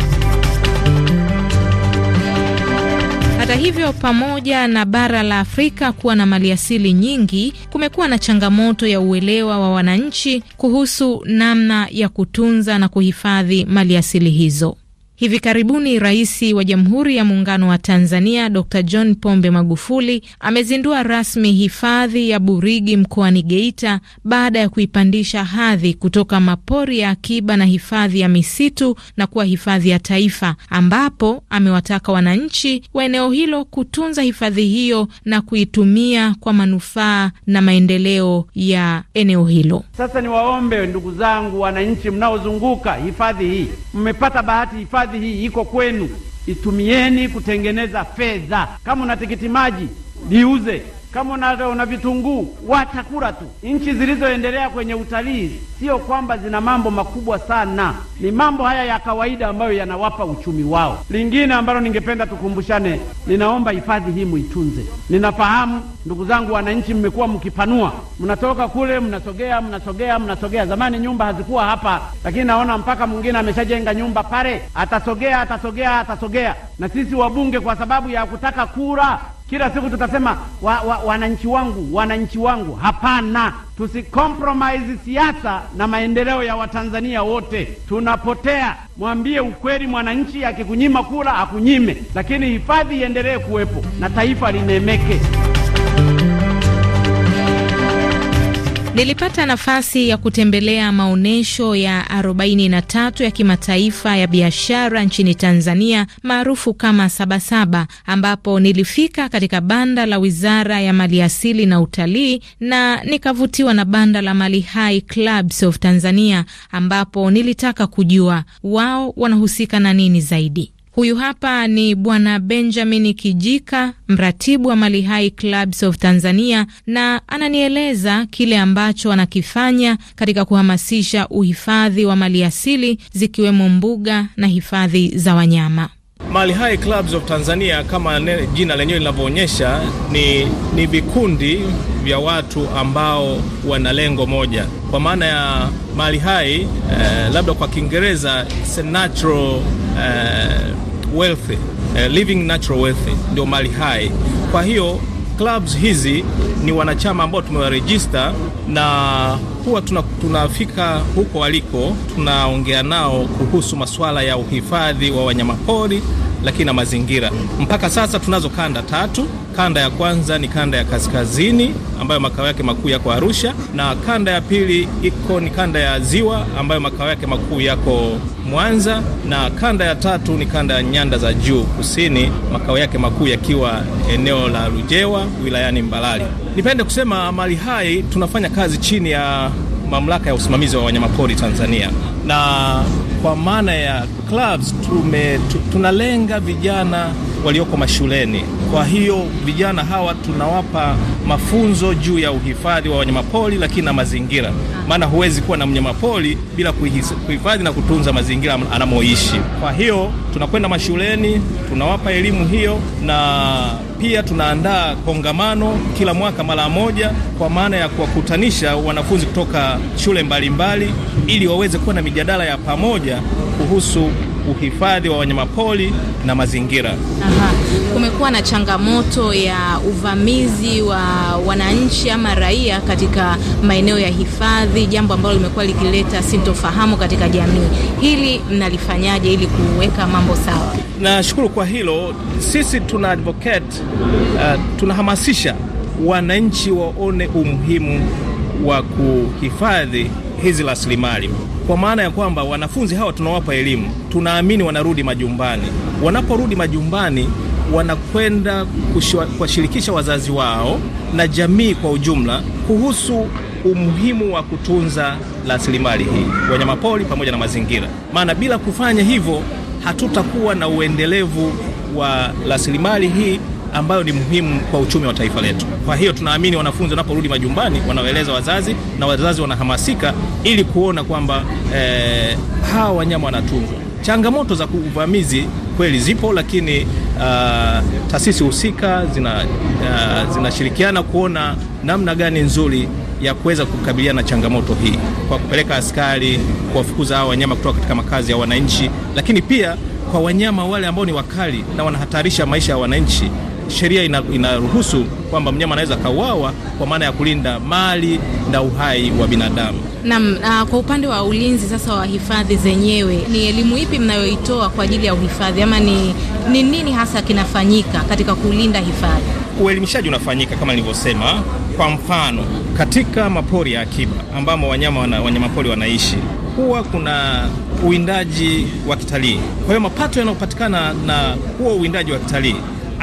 Hata hivyo, pamoja na bara la Afrika kuwa na maliasili nyingi, kumekuwa na changamoto ya uelewa wa wananchi kuhusu namna ya kutunza na kuhifadhi maliasili hizo. Hivi karibuni Rais wa Jamhuri ya Muungano wa Tanzania Dr John Pombe Magufuli amezindua rasmi hifadhi ya Burigi mkoani Geita baada ya kuipandisha hadhi kutoka mapori ya akiba na hifadhi ya misitu na kuwa hifadhi ya taifa, ambapo amewataka wananchi wa eneo hilo kutunza hifadhi hiyo na kuitumia kwa manufaa na maendeleo ya eneo hilo. Sasa niwaombe ndugu zangu wananchi mnaozunguka hifadhi hii, mmepata bahati hifadhi ardhi hii iko kwenu, itumieni kutengeneza fedha. Kama una tikiti maji liuze. Kama una, una vitunguu watakula tu. Nchi zilizoendelea kwenye utalii sio kwamba zina mambo makubwa sana, ni mambo haya ya kawaida ambayo yanawapa uchumi wao. Lingine ambalo ningependa tukumbushane, ninaomba hifadhi hii muitunze. Ninafahamu ndugu zangu wananchi, mmekuwa mkipanua, mnatoka kule mnasogea, mnasogea, mnasogea. Zamani nyumba hazikuwa hapa, lakini naona mpaka mwingine ameshajenga nyumba pale, atasogea, atasogea, atasogea. Na sisi wabunge kwa sababu ya kutaka kura kila siku tutasema wa, wa, wananchi wangu wananchi wangu. Hapana, tusikompromise siasa na maendeleo ya Watanzania wote, tunapotea. Mwambie ukweli mwananchi, akikunyima kura akunyime, lakini hifadhi iendelee kuwepo na taifa linemeke. Nilipata nafasi ya kutembelea maonyesho ya 43 ya kimataifa ya biashara nchini Tanzania maarufu kama Sabasaba, ambapo nilifika katika banda la Wizara ya Maliasili na Utalii na nikavutiwa na banda la Mali Hai Clubs of Tanzania, ambapo nilitaka kujua wao wanahusika na nini zaidi. Huyu hapa ni Bwana Benjamin Kijika, mratibu wa Mali Hai Clubs of Tanzania, na ananieleza kile ambacho anakifanya katika kuhamasisha uhifadhi wa mali asili zikiwemo mbuga na hifadhi za wanyama. Mali High Clubs of Tanzania kama jina lenyewe linavyoonyesha ni, ni vikundi vya watu ambao wana lengo moja, kwa maana ya mali hai eh, labda kwa Kiingereza natural eh, wealth eh, living natural wealth ndio mali hai. Kwa hiyo clubs hizi ni wanachama ambao tumewarejista na huwa tuna, tunafika huko waliko, tunaongea nao kuhusu masuala ya uhifadhi wa wanyamapori lakini na mazingira. Mpaka sasa tunazo kanda tatu. Kanda ya kwanza ni kanda ya kaskazini ambayo makao yake makuu yako Arusha, na kanda ya pili iko ni kanda ya ziwa ambayo makao yake makuu yako Mwanza, na kanda ya tatu ni kanda ya nyanda za juu kusini, makao yake makuu yakiwa eneo la Rujewa wilayani Mbalali. Nipende kusema mali hai tunafanya kazi chini ya mamlaka ya usimamizi wa wanyamapori Tanzania na kwa maana ya clubs tume, tunalenga vijana walioko mashuleni. Kwa hiyo vijana hawa tunawapa mafunzo juu ya uhifadhi wa wanyamapori, lakini na mazingira, maana huwezi kuwa na mnyamapori bila kuhifadhi na kutunza mazingira anamoishi. Kwa hiyo tunakwenda mashuleni, tunawapa elimu hiyo, na pia tunaandaa kongamano kila mwaka mara moja, kwa maana ya kuwakutanisha wanafunzi kutoka shule mbalimbali mbali, ili waweze kuwa na mijadala ya pamoja kuhusu uhifadhi wa wanyamapori na mazingira. Aha. Kumekuwa na changamoto ya uvamizi wa wananchi ama raia katika maeneo ya hifadhi, jambo ambalo limekuwa likileta sintofahamu katika jamii. Hili mnalifanyaje ili kuweka mambo sawa? Nashukuru kwa hilo. Sisi tuna advocate, uh, tunahamasisha wananchi waone umuhimu wa kuhifadhi hizi rasilimali, kwa maana ya kwamba wanafunzi hawa tunawapa elimu, tunaamini wanarudi majumbani. Wanaporudi majumbani, wanakwenda kuwashirikisha wazazi wao na jamii kwa ujumla kuhusu umuhimu wa kutunza rasilimali hii, wanyamapori pamoja na mazingira, maana bila kufanya hivyo hatutakuwa na uendelevu wa rasilimali hii ambayo ni muhimu kwa uchumi wa taifa letu. Kwa hiyo tunaamini wanafunzi wanaporudi majumbani wanaeleza wazazi na wazazi wanahamasika ili kuona kwamba eh, hawa wanyama wanatunzwa. Changamoto za uvamizi kweli zipo, lakini uh, taasisi husika zina, uh, zinashirikiana kuona namna gani nzuri ya kuweza kukabiliana na changamoto hii kwa kupeleka askari kuwafukuza hawa wanyama kutoka katika makazi ya wananchi, lakini pia kwa wanyama wale ambao ni wakali na wanahatarisha maisha ya wananchi sheria inaruhusu ina kwamba mnyama anaweza kauawa kwa maana ya kulinda mali na uhai wa binadamu. Naam. Uh, kwa upande wa ulinzi sasa wa hifadhi zenyewe, ni elimu ipi mnayoitoa kwa ajili ya uhifadhi ama ni, ni nini hasa kinafanyika katika kulinda hifadhi? Uelimishaji unafanyika kama nilivyosema, kwa mfano katika mapori ya akiba ambamo wanyama wana, wanyamapori wanaishi huwa kuna uwindaji wa kitalii. Kwa hiyo mapato yanayopatikana na huo uwindaji wa kitalii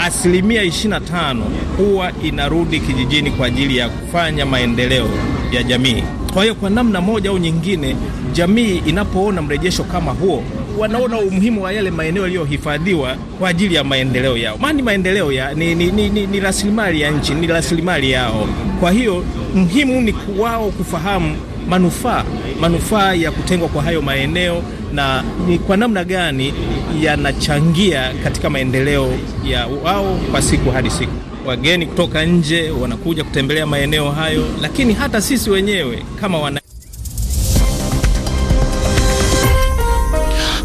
asilimia 25 huwa inarudi kijijini kwa ajili ya kufanya maendeleo ya jamii. Kwa hiyo kwa namna moja au nyingine, jamii inapoona mrejesho kama huo, wanaona umuhimu wa yale maeneo yaliyohifadhiwa kwa ajili ya maendeleo yao, maana maendeleo ya ni, ni, ni, ni, ni rasilimali ya nchi, ni rasilimali yao. Kwa hiyo muhimu ni wao kufahamu manufaa manufaa ya kutengwa kwa hayo maeneo na ni kwa namna gani yanachangia katika maendeleo ya wao kwa siku hadi siku. Wageni kutoka nje wanakuja kutembelea maeneo hayo, lakini hata sisi wenyewe kama wana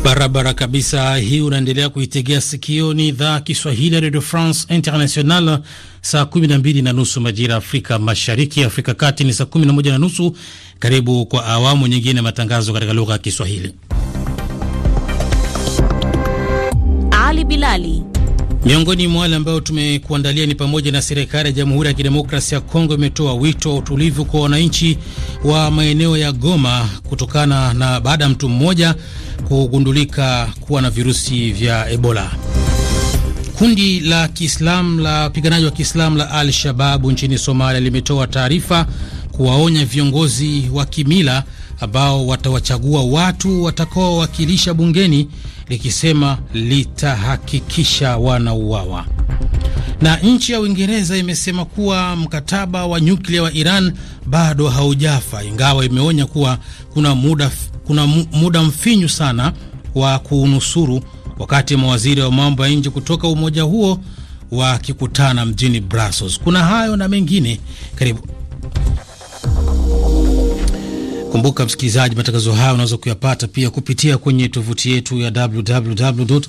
Barabara kabisa hii, unaendelea kuitegea sikio. Ni idhaa Kiswahili ya Radio France International. Saa 12 na nusu majira ya Afrika Mashariki, Afrika Kati ni saa 11 na nusu. Karibu kwa awamu nyingine matangazo katika lugha ya Kiswahili. Ali Bilali Miongoni mwa wale ambao tumekuandalia ni pamoja na serikali ya Jamhuri ya Kidemokrasia ya Kongo imetoa wito wa utulivu kwa wananchi wa maeneo ya Goma kutokana na baada ya mtu mmoja kugundulika kuwa na virusi vya Ebola. Kundi la Kiislamu la wapiganaji wa Kiislamu la Al-Shababu nchini Somalia limetoa taarifa kuwaonya viongozi wa kimila ambao watawachagua watu watakaowakilisha bungeni likisema litahakikisha wanauawa. Na nchi ya Uingereza imesema kuwa mkataba wa nyuklia wa Iran bado haujafa, ingawa imeonya kuwa kuna muda, kuna muda mfinyu sana wa kuunusuru, wakati mawaziri wa mambo ya nje kutoka umoja huo wakikutana mjini Brussels. Kuna hayo na mengine, karibu. Kumbuka msikilizaji, matangazo haya unaweza kuyapata pia kupitia kwenye tovuti yetu ya www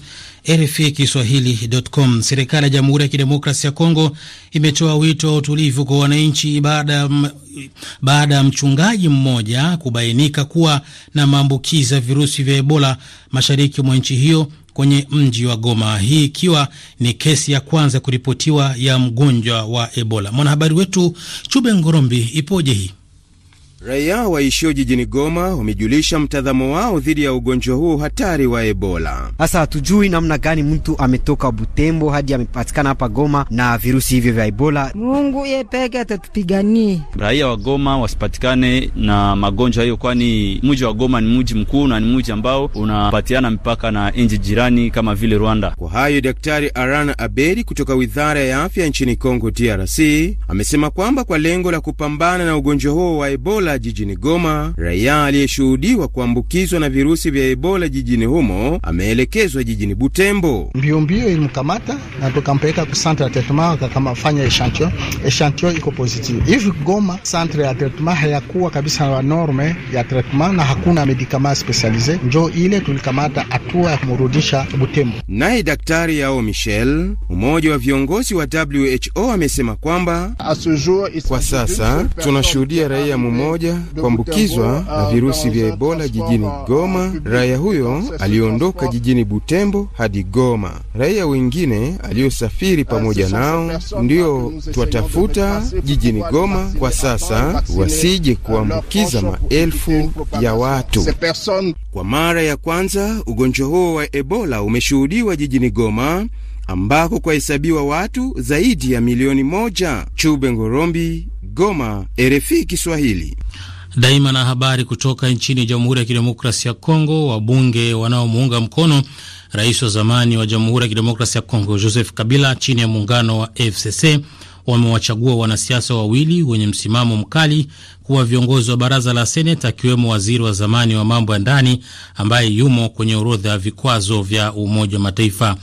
RFI Kiswahili.com. Serikali ya Jamhuri ya Kidemokrasi ya Kongo imetoa wito wa utulivu kwa wananchi baada ya mchungaji mmoja kubainika kuwa na maambukizi ya virusi vya Ebola mashariki mwa nchi hiyo kwenye mji wa Goma, hii ikiwa ni kesi ya kwanza kuripotiwa ya mgonjwa wa Ebola. Mwanahabari wetu Chube Ngorombi, ipoje hii? Raia waishio jijini Goma wamejulisha mtazamo wao dhidi ya ugonjwa huo hatari wa Ebola. Sasa hatujui namna gani mtu ametoka Butembo hadi amepatikana hapa Goma na virusi hivyo vya Ebola. Mungu ye peke atatupiganie. Raia wa Goma wasipatikane na magonjwa hiyo, kwani mji wa Goma ni mji mkuu na ni mji ambao unapatiana mipaka na nchi jirani kama vile Rwanda. Kwa hayo, Daktari Aran Abedi kutoka Wizara ya Afya nchini Kongo DRC amesema kwamba kwa lengo la kupambana na ugonjwa huo wa Ebola Ebola jijini Goma, raia aliyeshuhudiwa kuambukizwa na virusi vya Ebola jijini humo ameelekezwa jijini Butembo. Mbiombio ilimkamata na tukampeleka ku centre ya tretement, wakakamafanya echantion, echantion iko positive hivi. Goma centre ya tretement hayakuwa kabisa na norme ya tretement na hakuna medikama spesialize, njo ile tulikamata hatua ya kumrudisha Butembo. Naye daktari Yao Michel, umoja wa viongozi wa WHO, amesema kwamba kwa sasa tunashuhudia raia mmoja mmoja kuambukizwa na virusi vya Ebola jijini Goma. Raia huyo aliondoka jijini Butembo hadi Goma. Raia wengine aliyosafiri pamoja nao ndio twatafuta jijini Goma kwa sasa, wasije kuambukiza maelfu ya watu. Kwa mara ya kwanza ugonjwa huo wa Ebola umeshuhudiwa jijini Goma ambako kwahesabiwa watu zaidi ya milioni moja. Chube Ngorombi, Goma, RFI Kiswahili daima. Na habari kutoka nchini Jamhuri ya Kidemokrasia ya Kongo, wabunge wanaomuunga mkono rais wa zamani wa Jamhuri ya Kidemokrasia ya Kongo Joseph Kabila chini ya muungano wa FCC wamewachagua wanasiasa wawili wenye msimamo mkali kuwa viongozi wa baraza la seneti, akiwemo waziri wa zamani wa mambo ya ndani ambaye yumo kwenye orodha ya vikwazo vya Umoja wa Mataifa.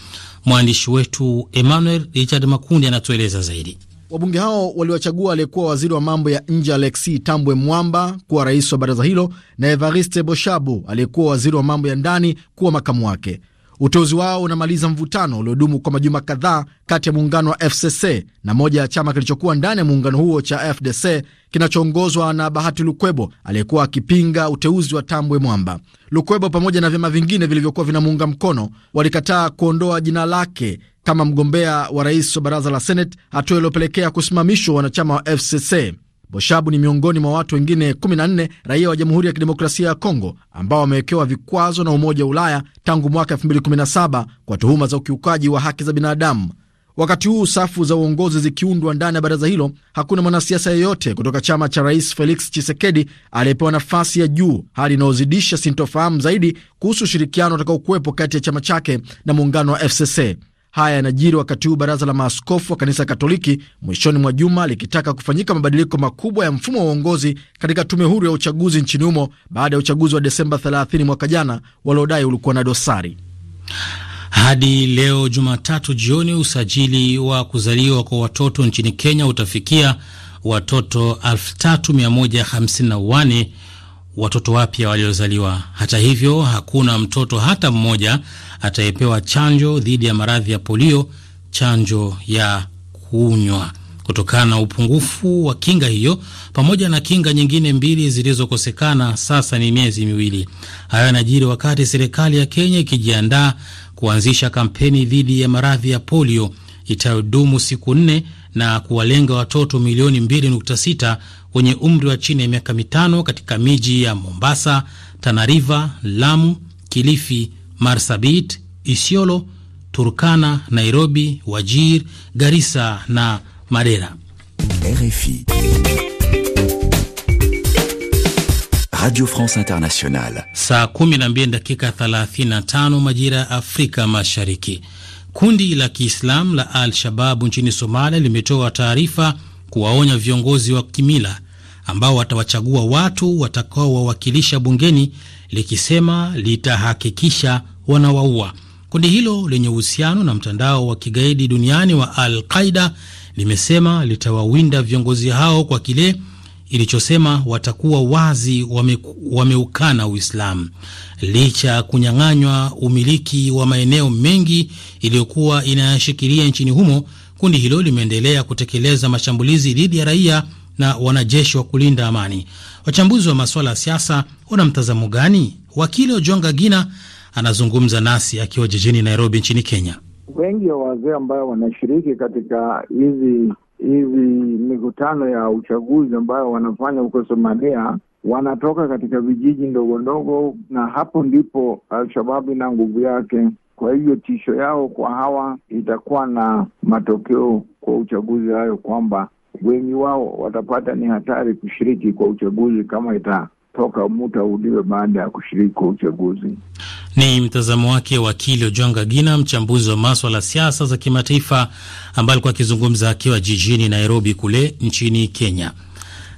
Mwandishi wetu Emmanuel Richard Makundi anatueleza zaidi. Wabunge hao waliwachagua aliyekuwa waziri wa mambo ya nje Alexi Tambwe Mwamba kuwa rais wa baraza hilo na Evariste Boshabu aliyekuwa waziri wa mambo ya ndani kuwa makamu wake. Uteuzi wao unamaliza mvutano uliodumu kwa majuma kadhaa kati ya muungano wa FCC na moja ya chama kilichokuwa ndani ya muungano huo cha FDC kinachoongozwa na Bahati Lukwebo aliyekuwa akipinga uteuzi wa Tambwe Mwamba. Lukwebo pamoja na vyama vingine vilivyokuwa vinamuunga mkono walikataa kuondoa jina lake kama mgombea wa rais wa baraza la Seneti, hatua iliyopelekea kusimamishwa wanachama wa FCC. Boshabu ni miongoni mwa watu wengine 14 raia wa Jamhuri ya Kidemokrasia ya Kongo ambao wamewekewa vikwazo na Umoja wa Ulaya tangu mwaka 2017 kwa tuhuma za ukiukaji wa haki za binadamu. Wakati huu safu za uongozi zikiundwa ndani ya baraza hilo, hakuna mwanasiasa yeyote kutoka chama cha Rais Felix Chisekedi aliyepewa nafasi ya juu, hali inayozidisha sintofahamu zaidi kuhusu ushirikiano utakaokuwepo kati ya chama chake na muungano wa FCC. Haya yanajiri wakati huu baraza la maaskofu wa kanisa Katoliki mwishoni mwa juma likitaka kufanyika mabadiliko makubwa ya mfumo wa uongozi katika tume huru ya uchaguzi nchini humo baada ya uchaguzi wa Desemba 30 mwaka jana waliodai ulikuwa na dosari. Hadi leo Jumatatu jioni usajili wa kuzaliwa kwa watoto nchini Kenya utafikia watoto 3151 watoto wapya waliozaliwa. Hata hivyo, hakuna mtoto hata mmoja atayepewa chanjo dhidi ya maradhi ya polio, chanjo ya kunywa, kutokana na upungufu wa kinga hiyo pamoja na kinga nyingine mbili zilizokosekana sasa ni miezi miwili. Hayo yanajiri wakati serikali ya Kenya ikijiandaa kuanzisha kampeni dhidi ya maradhi ya polio itayodumu siku nne na kuwalenga watoto milioni 2.6 wenye umri wa chini ya miaka mitano katika miji ya Mombasa, Tanariva, Lamu, Kilifi, Marsabit, Isiolo, Turkana, Nairobi, Wajir, garisa na Madera. RFI. Radio France Internationale. Saa 12 dakika 35 majira ya Afrika Mashariki. Kundi la Kiislamu la Al-Shababu nchini Somalia limetoa taarifa kuwaonya viongozi wa kimila ambao watawachagua watu watakaowawakilisha bungeni, likisema litahakikisha wanawaua. Kundi hilo lenye uhusiano na mtandao wa kigaidi duniani wa Al-Qaida limesema litawawinda viongozi hao kwa kile ilichosema watakuwa wazi wame, wameukana Uislamu licha ya kunyang'anywa umiliki wa maeneo mengi iliyokuwa inayashikilia nchini humo. Kundi hilo limeendelea kutekeleza mashambulizi dhidi ya raia na wanajeshi wa kulinda amani. Wachambuzi wa masuala ya siasa wana mtazamo gani? Wakili Ojonga Gina anazungumza nasi akiwa jijini Nairobi nchini Kenya. Wengi wa wazee ambao wanashiriki katika hizi hizi mikutano ya uchaguzi ambayo wanafanya huko Somalia wanatoka katika vijiji ndogo ndogo, na hapo ndipo Alshababu ina nguvu yake. Kwa hivyo tisho yao kwa hawa itakuwa na matokeo kwa uchaguzi hayo, kwamba wengi wao watapata ni hatari kushiriki kwa uchaguzi kama ita toka muda uliwe baada ya kushiriki kwa uchaguzi. Ni mtazamo wake wakili Ojonga Gina, mchambuzi wa maswala ya siasa za kimataifa, ambaye alikuwa akizungumza akiwa jijini Nairobi kule nchini Kenya.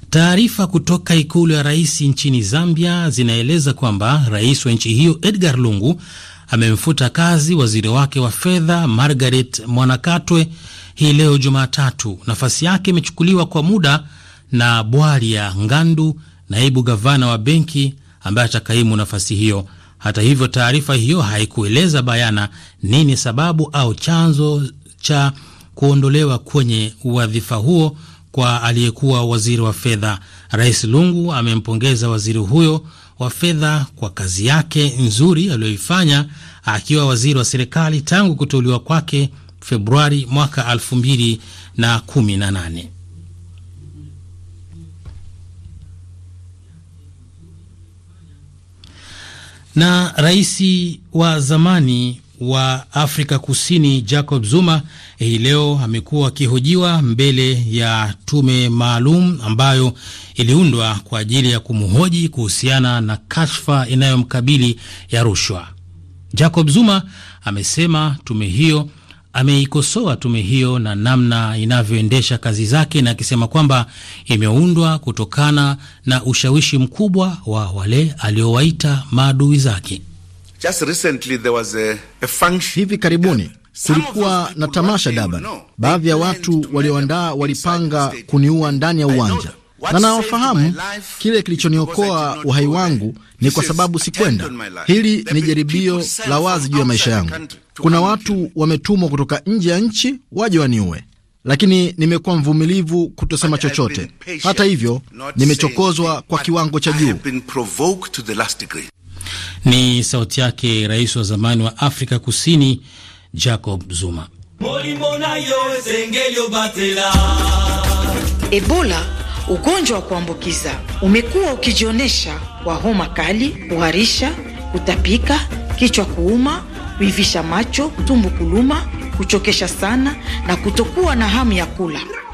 Taarifa kutoka ikulu ya rais nchini Zambia zinaeleza kwamba rais wa nchi hiyo Edgar Lungu amemfuta kazi waziri wake wa fedha Margaret Mwanakatwe hii leo Jumatatu. Nafasi yake imechukuliwa kwa muda na Bwaria Ngandu naibu gavana wa benki ambaye atakaimu nafasi hiyo. Hata hivyo, taarifa hiyo haikueleza bayana nini sababu au chanzo cha kuondolewa kwenye wadhifa huo kwa aliyekuwa waziri wa fedha. Rais Lungu amempongeza waziri huyo wa fedha kwa kazi yake nzuri aliyoifanya akiwa waziri wa serikali tangu kuteuliwa kwake Februari mwaka 2018. Na rais wa zamani wa Afrika Kusini Jacob Zuma hii leo amekuwa akihojiwa mbele ya tume maalum ambayo iliundwa kwa ajili ya kumhoji kuhusiana na kashfa inayomkabili ya rushwa. Jacob Zuma amesema tume hiyo ameikosoa tume hiyo na namna inavyoendesha kazi zake na akisema kwamba imeundwa kutokana na ushawishi mkubwa wa wale aliowaita maadui zake. Hivi karibuni kulikuwa na tamasha Durban. Baadhi ya watu walioandaa walipanga kuniua ndani ya uwanja, na nawafahamu. Kile kilichoniokoa uhai wangu ni kwa sababu sikwenda. Hili ni jaribio la wazi juu ya maisha yangu kuna watu wametumwa kutoka nje ya nchi waje waniue, lakini nimekuwa mvumilivu kutosema chochote. Hata hivyo, nimechokozwa kwa kiwango cha juu. Ni sauti yake rais wa zamani wa Afrika Kusini Jacob Zuma. Ebola, ugonjwa wa kuambukiza umekuwa ukijionyesha kwa homa kali, kuharisha, kutapika, kichwa kuuma kuivisha macho, tumbo kuluma, kuchokesha sana na kutokuwa na hamu ya kula.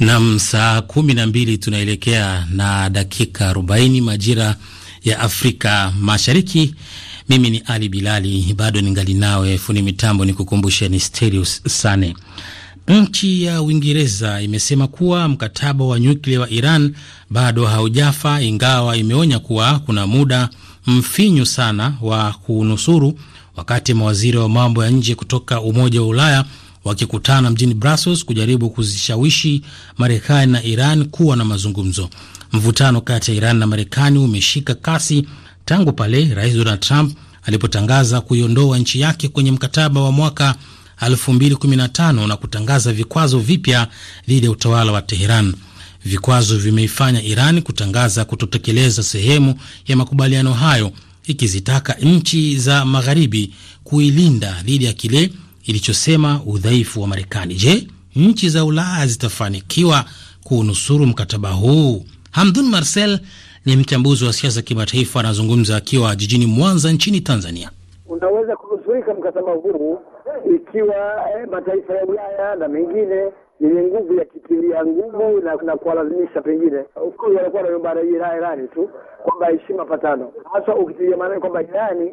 Nam, saa kumi na mbili tunaelekea na dakika arobaini majira ya Afrika Mashariki. Mimi ni Ali Bilali, bado ningali nawe funi mitambo, ni kukumbusha ni Sterius Sane. Nchi ya Uingereza imesema kuwa mkataba wa nyuklia wa Iran bado haujafa, ingawa imeonya kuwa kuna muda mfinyu sana wa kunusuru wakati mawaziri wa mambo ya nje kutoka Umoja wa Ulaya wakikutana mjini Brussels kujaribu kuzishawishi Marekani na Iran kuwa na mazungumzo. Mvutano kati ya Iran na Marekani umeshika kasi tangu pale Rais Donald Trump alipotangaza kuiondoa nchi yake kwenye mkataba wa mwaka 2015 na kutangaza vikwazo vipya dhidi ya utawala wa Teheran. Vikwazo vimeifanya Iran kutangaza kutotekeleza sehemu ya makubaliano hayo, ikizitaka nchi za magharibi kuilinda dhidi ya kile ilichosema udhaifu wa Marekani. Je, nchi za Ulaya zitafanikiwa kuunusuru mkataba huu? Hamdun Marcel ni mchambuzi wa siasa kimataifa, anazungumza akiwa jijini Mwanza nchini Tanzania. Unaweza kunusurika mkataba huu ikiwa eh, mataifa ya Ulaya na mengine yenye nguvu yakitilia nguvu na, na kuwalazimisha pengine wanakuwa wanayombana Irani tu kwamba heshima patano, hasa ukitilia maanani kwamba Irani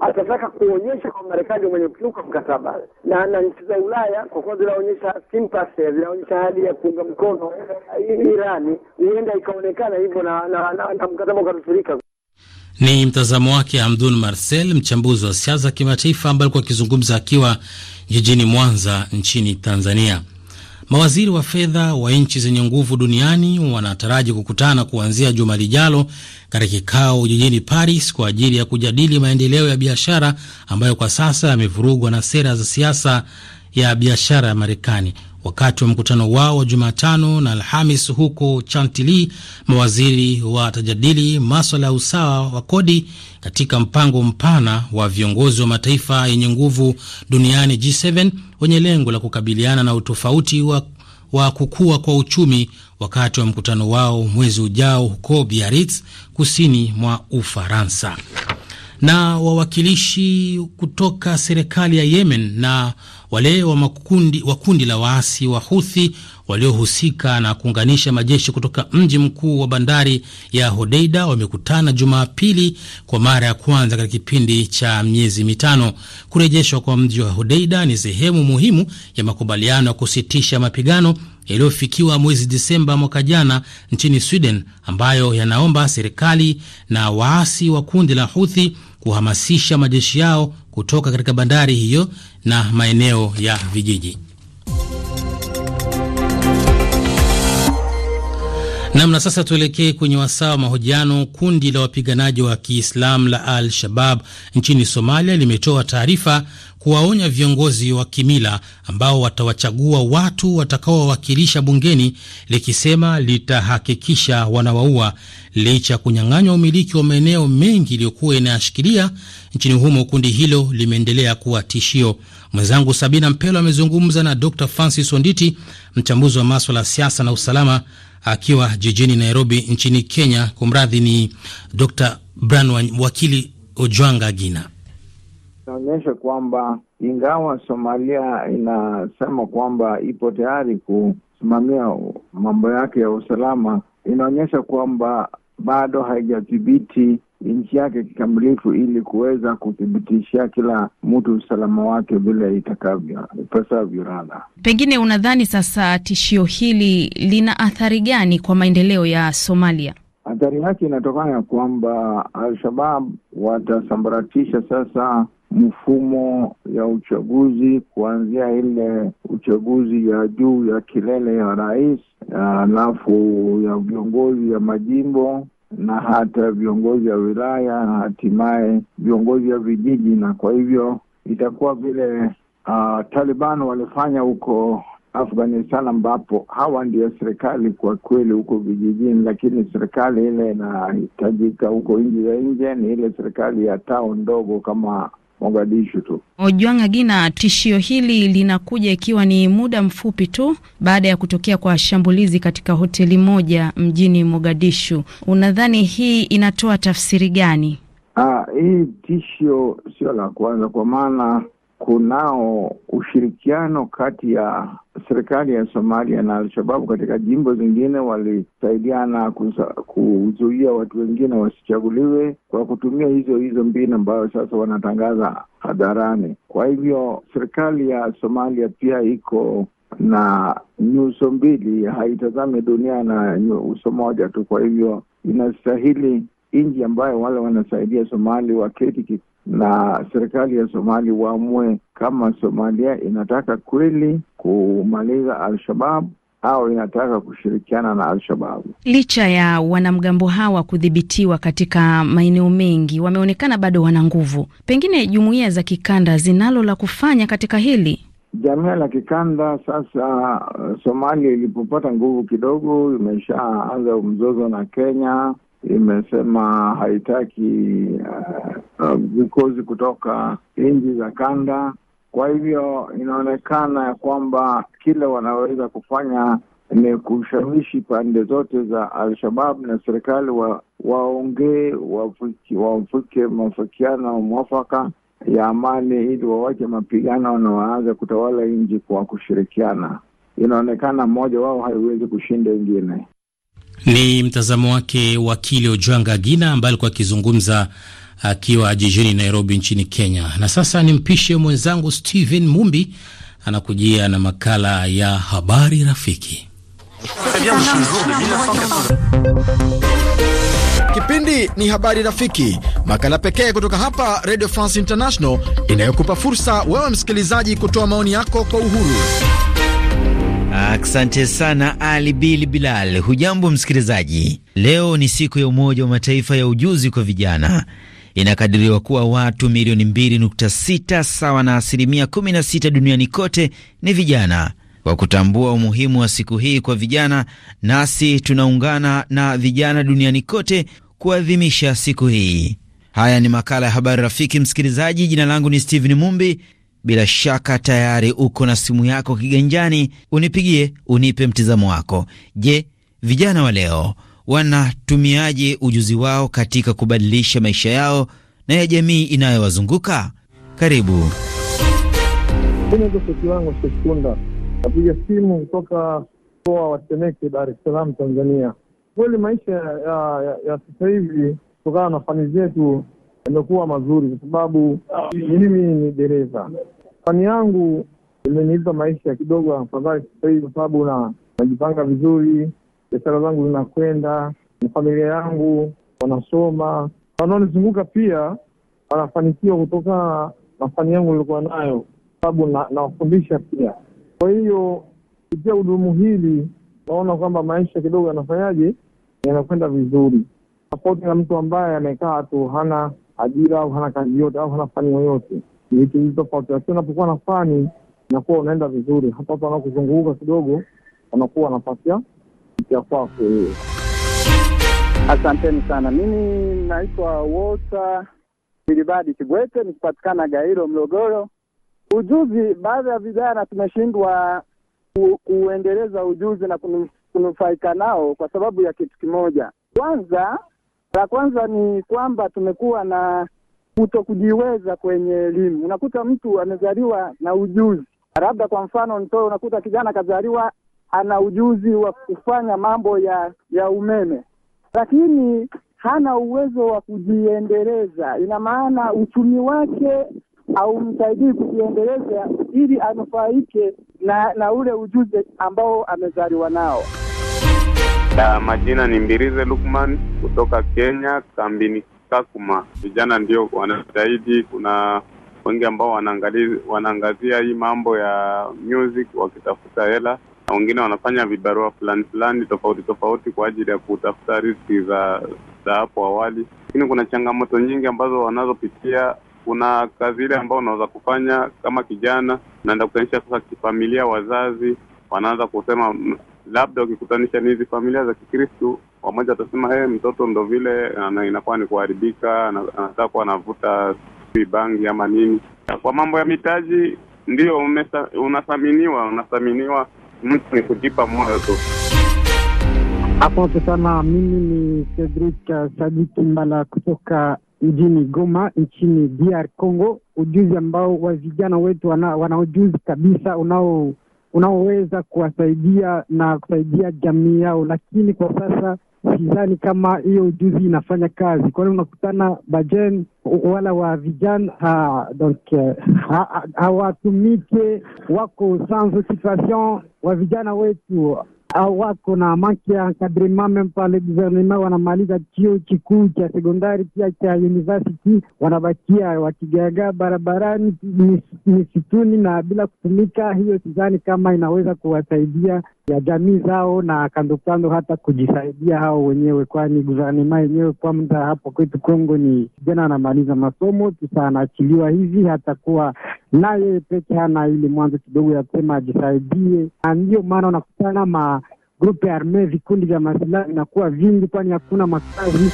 atataka kuonyesha kwa Marekani mwenye kukiuka mkataba na na nchi za Ulaya kwa kuwa zinaonyesha simpasi, zinaonyesha hali ya kuunga mkono eh, Irani, huenda ikaonekana hivyo na, na, na, na mkataba ukanusurika. Ni mtazamo wake Hamdun Marcel, mchambuzi wa siasa kimataifa, ambaye alikuwa akizungumza akiwa jijini Mwanza nchini Tanzania. Mawaziri wa fedha wa nchi zenye nguvu duniani wanataraji kukutana kuanzia juma lijalo katika kikao jijini Paris kwa ajili ya kujadili maendeleo ya biashara ambayo kwa sasa yamevurugwa na sera za siasa ya biashara ya Marekani. Wakati wa mkutano wao wa Jumatano na Alhamis huko Chantilly, mawaziri watajadili maswala ya usawa wa kodi katika mpango mpana wa viongozi wa mataifa yenye nguvu duniani G7 wenye lengo la kukabiliana na utofauti wa, wa kukua kwa uchumi wakati wa mkutano wao mwezi ujao huko Biarritz kusini mwa Ufaransa. Na wawakilishi kutoka serikali ya Yemen na wale wa makundi, wa kundi la waasi wa Huthi waliohusika na kuunganisha majeshi kutoka mji mkuu wa bandari ya Hodeida wamekutana Jumapili kwa mara ya kwanza katika kipindi cha miezi mitano. Kurejeshwa kwa mji wa Hodeida ni sehemu muhimu ya makubaliano ya kusitisha mapigano yaliyofikiwa mwezi Disemba mwaka jana nchini Sweden, ambayo yanaomba serikali na waasi wa kundi la Huthi kuhamasisha majeshi yao kutoka katika bandari hiyo na maeneo ya vijiji. Namna sasa, tuelekee kwenye wasaa wa mahojiano. Kundi la wapiganaji wa Kiislamu la Al Shabab nchini Somalia limetoa taarifa kuwaonya viongozi wa kimila ambao watawachagua watu watakaowawakilisha bungeni, likisema litahakikisha wanawaua, licha ya kunyang'anywa umiliki wa maeneo mengi iliyokuwa inayashikilia nchini humo. Kundi hilo limeendelea kuwa tishio. Mwenzangu Sabina Mpelo amezungumza na Dr Francis Onditi, mchambuzi wa maswala ya siasa na usalama, akiwa jijini Nairobi nchini Kenya. Kumradhi, ni Dr Bran wakili Ojwanga Gina inaonyesha kwamba ingawa Somalia inasema kwamba ipo tayari kusimamia mambo yake ya usalama, inaonyesha kwamba bado haijathibiti nchi yake kikamilifu ili kuweza kuthibitishia kila mtu usalama wake vile itakavyo ipasavyo. Radha, pengine unadhani sasa tishio hili lina athari gani kwa maendeleo ya Somalia? Athari yake inatokana ya kwamba Al-Shabab watasambaratisha sasa mfumo ya uchaguzi kuanzia ile uchaguzi ya juu ya kilele ya rais, halafu ya viongozi ya majimbo na hata viongozi ya wilaya na hatimaye viongozi ya vijiji. Na kwa hivyo itakuwa vile uh, Taliban walifanya huko Afghanistan, ambapo hawa ndio serikali kwa kweli huko vijijini, lakini serikali ile inahitajika huko nji ya nje ni ile serikali ya tao ndogo kama Mogadishu tu. Ojwanga gina tishio hili linakuja ikiwa ni muda mfupi tu baada ya kutokea kwa shambulizi katika hoteli moja mjini Mogadishu. Unadhani hii inatoa tafsiri gani? Ah, hii tishio sio la kwanza, kwa maana kunao ushirikiano kati ya serikali ya Somalia na Alshababu katika jimbo zingine. Walisaidiana kuzuia watu wengine wasichaguliwe kwa kutumia hizo hizo mbinu ambayo sasa wanatangaza hadharani. Kwa hivyo serikali ya Somalia pia iko na nyuso mbili, haitazami dunia na uso moja tu. Kwa hivyo inastahili nchi ambayo wale wanasaidia Somali waketi na serikali ya Somali waamue kama Somalia inataka kweli kumaliza Al-Shabab au inataka kushirikiana na Al-Shababu. Licha ya wanamgambo hawa kudhibitiwa katika maeneo mengi, wameonekana bado wana nguvu. Pengine jumuiya za kikanda zinalo la kufanya katika hili. jamia la kikanda sasa, uh, Somalia ilipopata nguvu kidogo, imeshaanza mzozo na Kenya imesema haitaki vikosi uh, uh, kutoka nchi za kanda. Kwa hivyo inaonekana ya kwamba kile wanaweza kufanya ni kushawishi pande zote za Al-Shabab na serikali waongee, wafike mafikiano mwafaka ya amani ili wawache mapigano na waanze kutawala nchi kwa kushirikiana. Inaonekana mmoja wao haiwezi kushinda ingine. Ni mtazamo wake wakili Ojwanga Gina ambaye alikuwa akizungumza akiwa jijini Nairobi nchini Kenya. Na sasa nimpishe mwenzangu Steven Mumbi anakujia na makala ya habari rafiki. Kipindi ni habari rafiki, makala pekee kutoka hapa Radio France International inayokupa fursa wewe msikilizaji kutoa maoni yako kwa uhuru. Asante sana Ali Bili Bilal. Hujambo msikilizaji, leo ni siku ya Umoja wa Mataifa ya ujuzi kwa vijana. Inakadiriwa kuwa watu milioni 2.6 sawa na asilimia 16 duniani kote ni vijana. Kwa kutambua umuhimu wa siku hii kwa vijana, nasi tunaungana na vijana duniani kote kuadhimisha siku hii. Haya ni makala ya habari rafiki, msikilizaji. Jina langu ni Steven Mumbi, bila shaka tayari uko na simu yako kiganjani, unipigie unipe mtizamo wako. Je, vijana wa leo wanatumiaje ujuzi wao katika kubadilisha maisha yao na ya jamii inayowazunguka? Karibu. wangu sekunda napiga simu kutoka mkoa wa Temeke, Dar es Salaam, Tanzania. Kweli maisha ya sasa hivi kutokana na fani zetu yamekuwa mazuri, kwa sababu mimi ni dereva Fani yangu imenipa maisha kidogo afadhali sasa hivi, kwa sababu na najipanga vizuri, biashara zangu zinakwenda, na familia yangu wanasoma, wanaonizunguka pia wanafanikiwa kutokana na fani yangu nilikuwa nayo, sababu nawafundisha na pia. Kwa hiyo kupitia hudumu hili naona kwamba maisha kidogo yanafanyaje, yanakwenda vizuri, tofauti na mtu ambaye amekaa tu hana ajira au hana kazi yote au hana fani yoyote vitu hivi tofauti, lakini unapokuwa na fani inakuwa unaenda vizuri. hata watu wanaokuzunguka kidogo, wanakuwa nafasi ya kwako hiyo. Asanteni sana. Mimi naitwa Wota Bilibadi Kibwete, nikipatikana Gairo, Mlogoro. Ujuzi, baadhi ya vijana tumeshindwa kuendeleza ujuzi na kunufaika nao kwa sababu ya kitu kimoja. Kwanza, la kwanza ni kwamba tumekuwa na kuto kujiweza kwenye elimu. Unakuta mtu amezaliwa na ujuzi, labda kwa mfano nitoe, unakuta kijana akazaliwa ana ujuzi wa kufanya mambo ya ya umeme, lakini hana uwezo wa kujiendeleza. Ina maana uchumi wake haumsaidii kujiendeleza ili anufaike na, na ule ujuzi ambao amezaliwa nao. Na majina ni Mbirize Lukman kutoka Kenya, kambini TAKUMA, vijana ndio wanajitahidi. Kuna wengi ambao wanaangazia hii mambo ya music wakitafuta hela, na wengine wanafanya vibarua fulani fulani tofauti tofauti kwa ajili ya kutafuta riski za za hapo awali, lakini kuna changamoto nyingi ambazo wanazopitia. Kuna kazi ile ambao unaweza kufanya kama kijana, unaenda kutanisha sasa kifamilia, wazazi wanaanza kusema labda ukikutanisha ni hizi familia za Kikristu wamoja watasema hey, mtoto ndo vile inakuwa ni kuharibika, anataka kuwa anavuta bangi ama nini. Kwa mambo ya mitaji, ndio unathaminiwa, unathaminiwa mtu ni kujipa moyo tu. Asante sana. Mimi ni Cedric Sadiki Mbala kutoka mjini Goma nchini DR Congo. Ujuzi ambao wa vijana wetu wana, wana ujuzi kabisa unao unaoweza kuwasaidia na kusaidia jamii yao, lakini kwa sasa sidhani kama hiyo ujuzi inafanya kazi, kwa hiyo unakutana bajen wala wa vijana ha, donc hawatumike ha, wako sans occupation. Wa vijana wetu wako na manki ya encadrement meme pale gouvernement, wanamaliza chuo kikuu cha sekondari pia cha university, wanabakia wakigaagaa barabarani, misituni na bila kutumika. Hiyo sidhani kama inaweza kuwasaidia ya jamii zao na kando kando hata kujisaidia hao wenyewe, kwani guvernema yenyewe kwa muda hapo kwetu Kongo ni jana anamaliza masomo kisha anaachiliwa hivi, kuwa naye peke, hana ile mwanzo kidogo ya kusema ajisaidie, na ndiyo maana unakutana ma grupe arme, vikundi vya masilahi vinakuwa vingi, kwani hakuna makazi.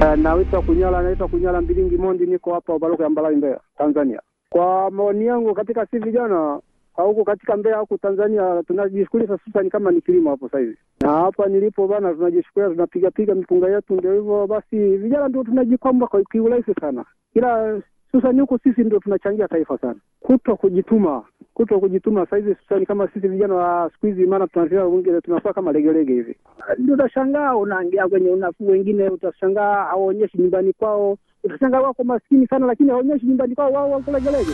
Uh, naitwa Kunyala, naitwa Kunyala Mbilingi Mondi, niko hapa Ubalogo ya Mbalali, Mbeya, Tanzania. Kwa maoni yangu katika si vijana huko katika Mbeya huko Tanzania tunajishughulisha ni kama ni kilimo hapo sasa hivi, na hapa nilipo bana, tunajishughulisha tunapiga piga mipunga yetu, ndio hivyo basi, vijana ndio tunajikwamba kwa kiurahisi sana, ila hususani huko sisi ndio tunachangia taifa sana, kuto kujituma, kuto kujituma sasa hivi, sasa ni kama sisi vijana wa siku hizi, maana tunatia wengine tunafaa kama legelege hivi, ndio utashangaa unaangia kwenye unafuu, wengine utashangaa hawaonyeshi nyumbani kwao, utashangaa wako maskini sana, lakini hawaonyeshi nyumbani kwao, wao wako legelege.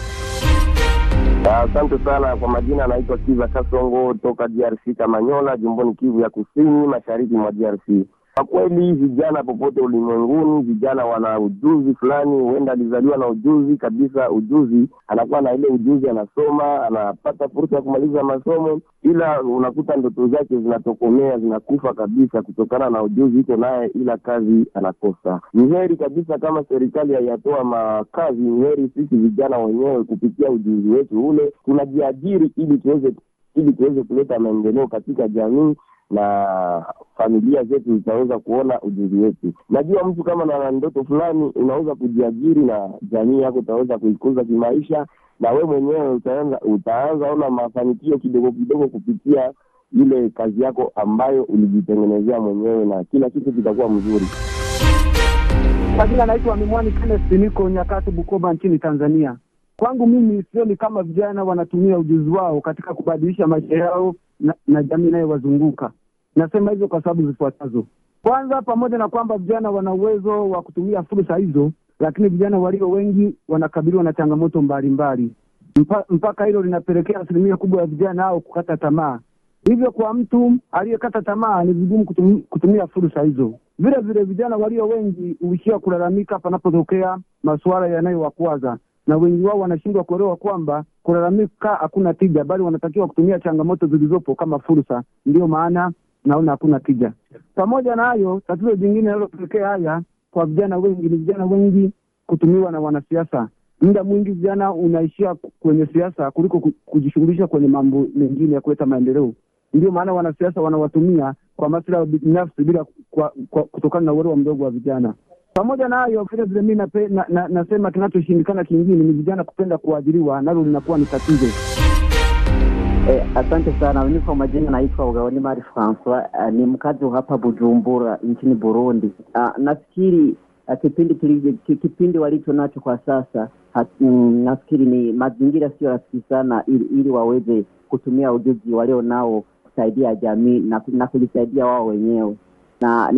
Ah, asante sana. Kwa majina anaitwa Kiva Kasongo toka DRC Kamanyola, jumboni Kivu ya Kusini, mashariki mwa DRC. Kwa kweli vijana popote ulimwenguni, vijana wana ujuzi fulani, huenda alizaliwa na ujuzi kabisa, ujuzi anakuwa na ile ujuzi, anasoma, anapata fursa ya kumaliza masomo, ila unakuta ndoto zake zinatokomea, zinakufa kabisa kutokana na ujuzi iko naye, ila kazi anakosa. Ni heri kabisa kama serikali haiyatoa makazi, ni heri sisi vijana wenyewe kupitia ujuzi wetu ule tunajiajiri, ili tuweze ili tuweze kuleta maendeleo katika jamii na familia zetu zitaweza kuona ujuzi wetu. Najua mtu kama na ndoto fulani, unaweza kujiajiri na jamii yako utaweza kuikuza kimaisha, na we mwenyewe utaanza utaanza ona mafanikio kidogo kidogo kupitia ile kazi yako ambayo ulijitengenezea mwenyewe, na kila kitu kitakuwa mzuri. Kwa jina naitwa Mimwani Kenneth, niko Nyakati, Bukoba nchini Tanzania. Kwangu mimi sioni kama vijana wanatumia ujuzi wao katika kubadilisha maisha yao na, na jamii inayowazunguka. Nasema hivyo kwa sababu zifuatazo. Kwanza, pamoja na kwamba vijana wana uwezo wa kutumia fursa hizo, lakini vijana walio wengi wanakabiliwa na changamoto mbalimbali Mpa, mpaka hilo linapelekea asilimia kubwa ya vijana hao kukata tamaa. Hivyo kwa mtu aliyekata tamaa ni vigumu kutum, kutumia fursa hizo. Vile vile vijana walio wengi huishia kulalamika panapotokea masuala yanayowakwaza, na wengi wao wanashindwa kuelewa kwamba kulalamika hakuna tija, bali wanatakiwa kutumia changamoto zilizopo kama fursa. Ndiyo maana naona hakuna tija. Pamoja na hayo, tatizo jingine linalopelekea haya kwa vijana wengi ni vijana wengi kutumiwa na wanasiasa. Muda mwingi vijana unaishia kwenye siasa kuliko kujishughulisha kwenye mambo mengine ya kuleta maendeleo. ndio maana wanasiasa wanawatumia kwa maslahi binafsi bila kutokana na uelewa mdogo wa vijana. Pamoja na hayo vile vile mimi nasema kinachoshindikana kingine ni vijana kupenda kuajiriwa, nalo linakuwa ni tatizo. Eh, asante sana. Mimi kwa majina naitwa Ugaoni Mari Francois. Uh, ni mkazi wa hapa Bujumbura nchini Burundi. Uh, nafikiri uh, kipindi kipindi walicho nacho kwa sasa hat, mm, nafikiri ni mazingira sio rafiki sana, ili, ili waweze kutumia ujuzi walio nao kusaidia jamii na, na kujisaidia wao wenyewe na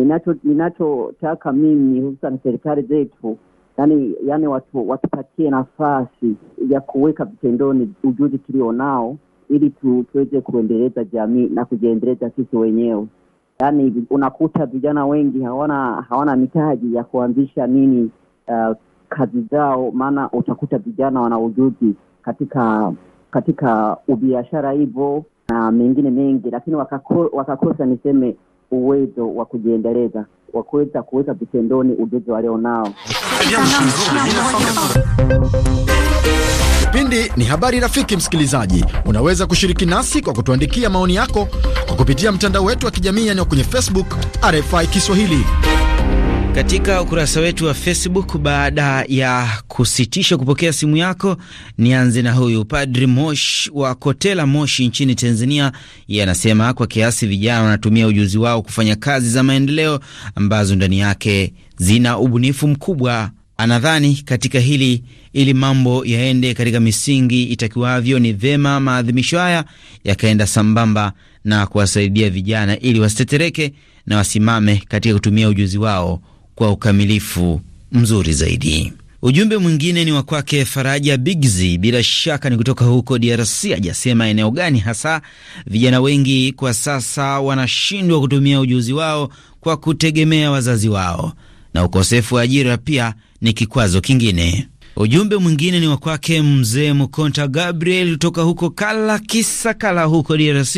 ninachotaka mimi hususan serikali zetu yani, yani watu watupatie nafasi ya kuweka vitendoni ujuzi tulio nao ili tu, tuweze kuendeleza jamii na kujiendeleza sisi wenyewe. Yani unakuta vijana wengi hawana hawana mitaji ya kuanzisha nini uh, kazi zao, maana utakuta vijana wana ujuzi katika katika ubiashara hivo na mengine mengi, lakini wakakosa, niseme uwezo wa kujiendeleza wa kuweza kuweka vitendoni ujuzi walionao. Kipindi ni habari rafiki. Msikilizaji, unaweza kushiriki nasi kwa kutuandikia maoni yako kwa kupitia mtandao wetu wa kijamii, yaani kwenye Facebook RFI Kiswahili katika ukurasa wetu wa Facebook. Baada ya kusitisha kupokea simu yako, nianze na huyu Padri Mosh wa Kotela, Moshi nchini Tanzania. Yeye anasema kwa kiasi vijana wanatumia ujuzi wao kufanya kazi za maendeleo ambazo ndani yake zina ubunifu mkubwa. Anadhani katika hili ili mambo yaende katika misingi itakiwavyo, ni vema maadhimisho haya yakaenda sambamba na kuwasaidia vijana ili wasitetereke na wasimame katika kutumia ujuzi wao kwa ukamilifu mzuri zaidi. Ujumbe mwingine ni wa kwake Faraja Bigzi, bila shaka ni kutoka huko DRC. Hajasema eneo gani hasa. Vijana wengi kwa sasa wanashindwa kutumia ujuzi wao kwa kutegemea wazazi wao, na ukosefu wa ajira pia ni kikwazo kingine. Ujumbe mwingine ni wa kwake mzee Mkonta Gabriel kutoka huko Kala Kisakala huko DRC.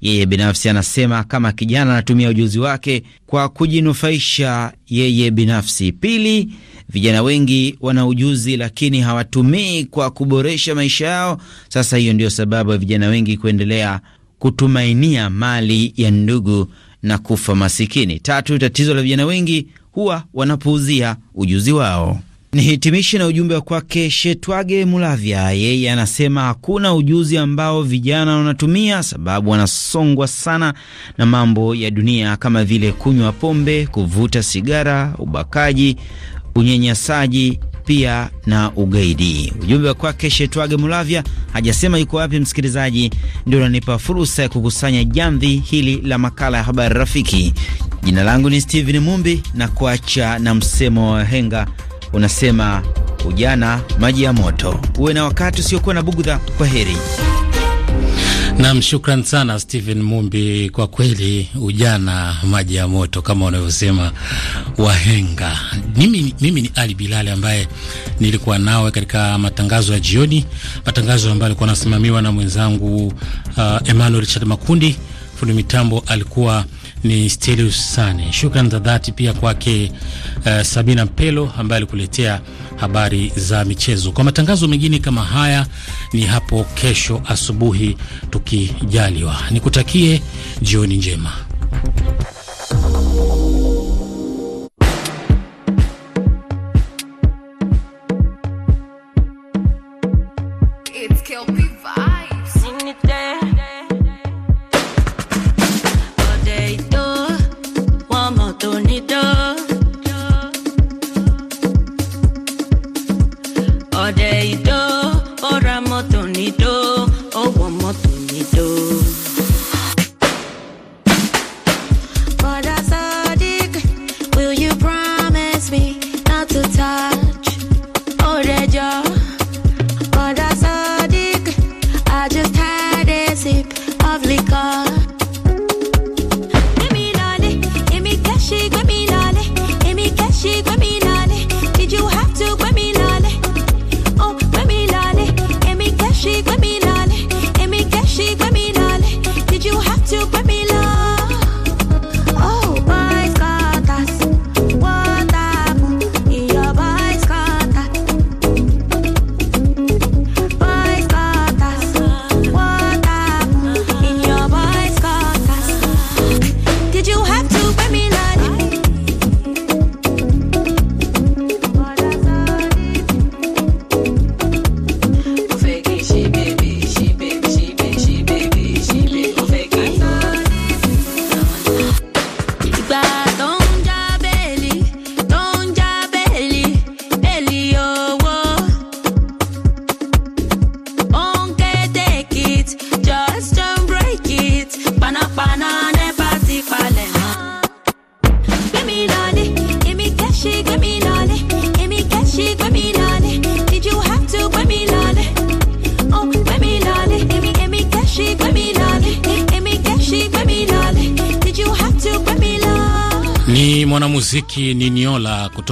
Yeye binafsi anasema kama kijana anatumia ujuzi wake kwa kujinufaisha yeye binafsi. Pili, vijana wengi wana ujuzi lakini hawatumii kwa kuboresha maisha yao. Sasa hiyo ndio sababu ya vijana wengi kuendelea kutumainia mali ya ndugu na kufa masikini. Tatu, tatizo la vijana wengi huwa wanapuuzia ujuzi wao. Nihitimishe na ujumbe wa kwake Shetwage Mulavya. Yeye anasema hakuna ujuzi ambao vijana wanatumia, sababu wanasongwa sana na mambo ya dunia kama vile kunywa pombe, kuvuta sigara, ubakaji, unyanyasaji pia na ugaidi. Ujumbe wa kwake Shetwage Mulavya, hajasema yuko wapi msikilizaji, ndio unanipa fursa ya kukusanya jamvi hili la makala ya habari rafiki. Jina langu ni Steven Mumbi na kuacha na msemo wa wahenga unasema ujana maji ya moto. Uwe na wakati usiokuwa na bugudha. Kwa heri. Nam, shukran sana Stephen Mumbi. Kwa kweli ujana maji ya moto kama wanavyosema wahenga. Mimi, mimi ni Ali Bilali ambaye nilikuwa nawe katika matangazo ya jioni, matangazo ambayo alikuwa anasimamiwa na mwenzangu uh, Emmanuel Richard Makundi. Fundi mitambo alikuwa ni Stelius Sane. Shukrani za dhati pia kwake uh, Sabina Mpelo ambaye alikuletea habari za michezo. Kwa matangazo mengine kama haya ni hapo kesho asubuhi tukijaliwa. Nikutakie jioni njema.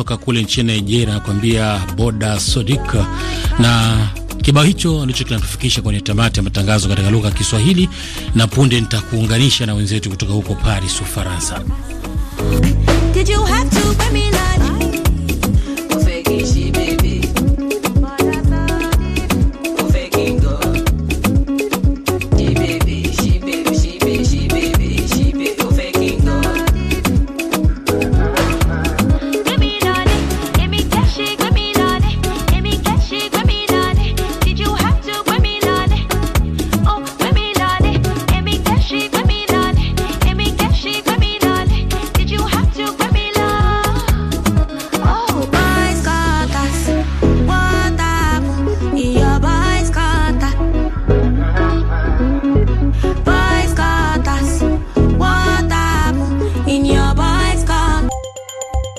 kutoka kule nchini Nigeria anakuambia boda sodik na kibao hicho ndicho kinatufikisha kwenye tamati ya matangazo katika lugha ya Kiswahili, na punde nitakuunganisha na wenzetu kutoka huko Paris, Ufaransa.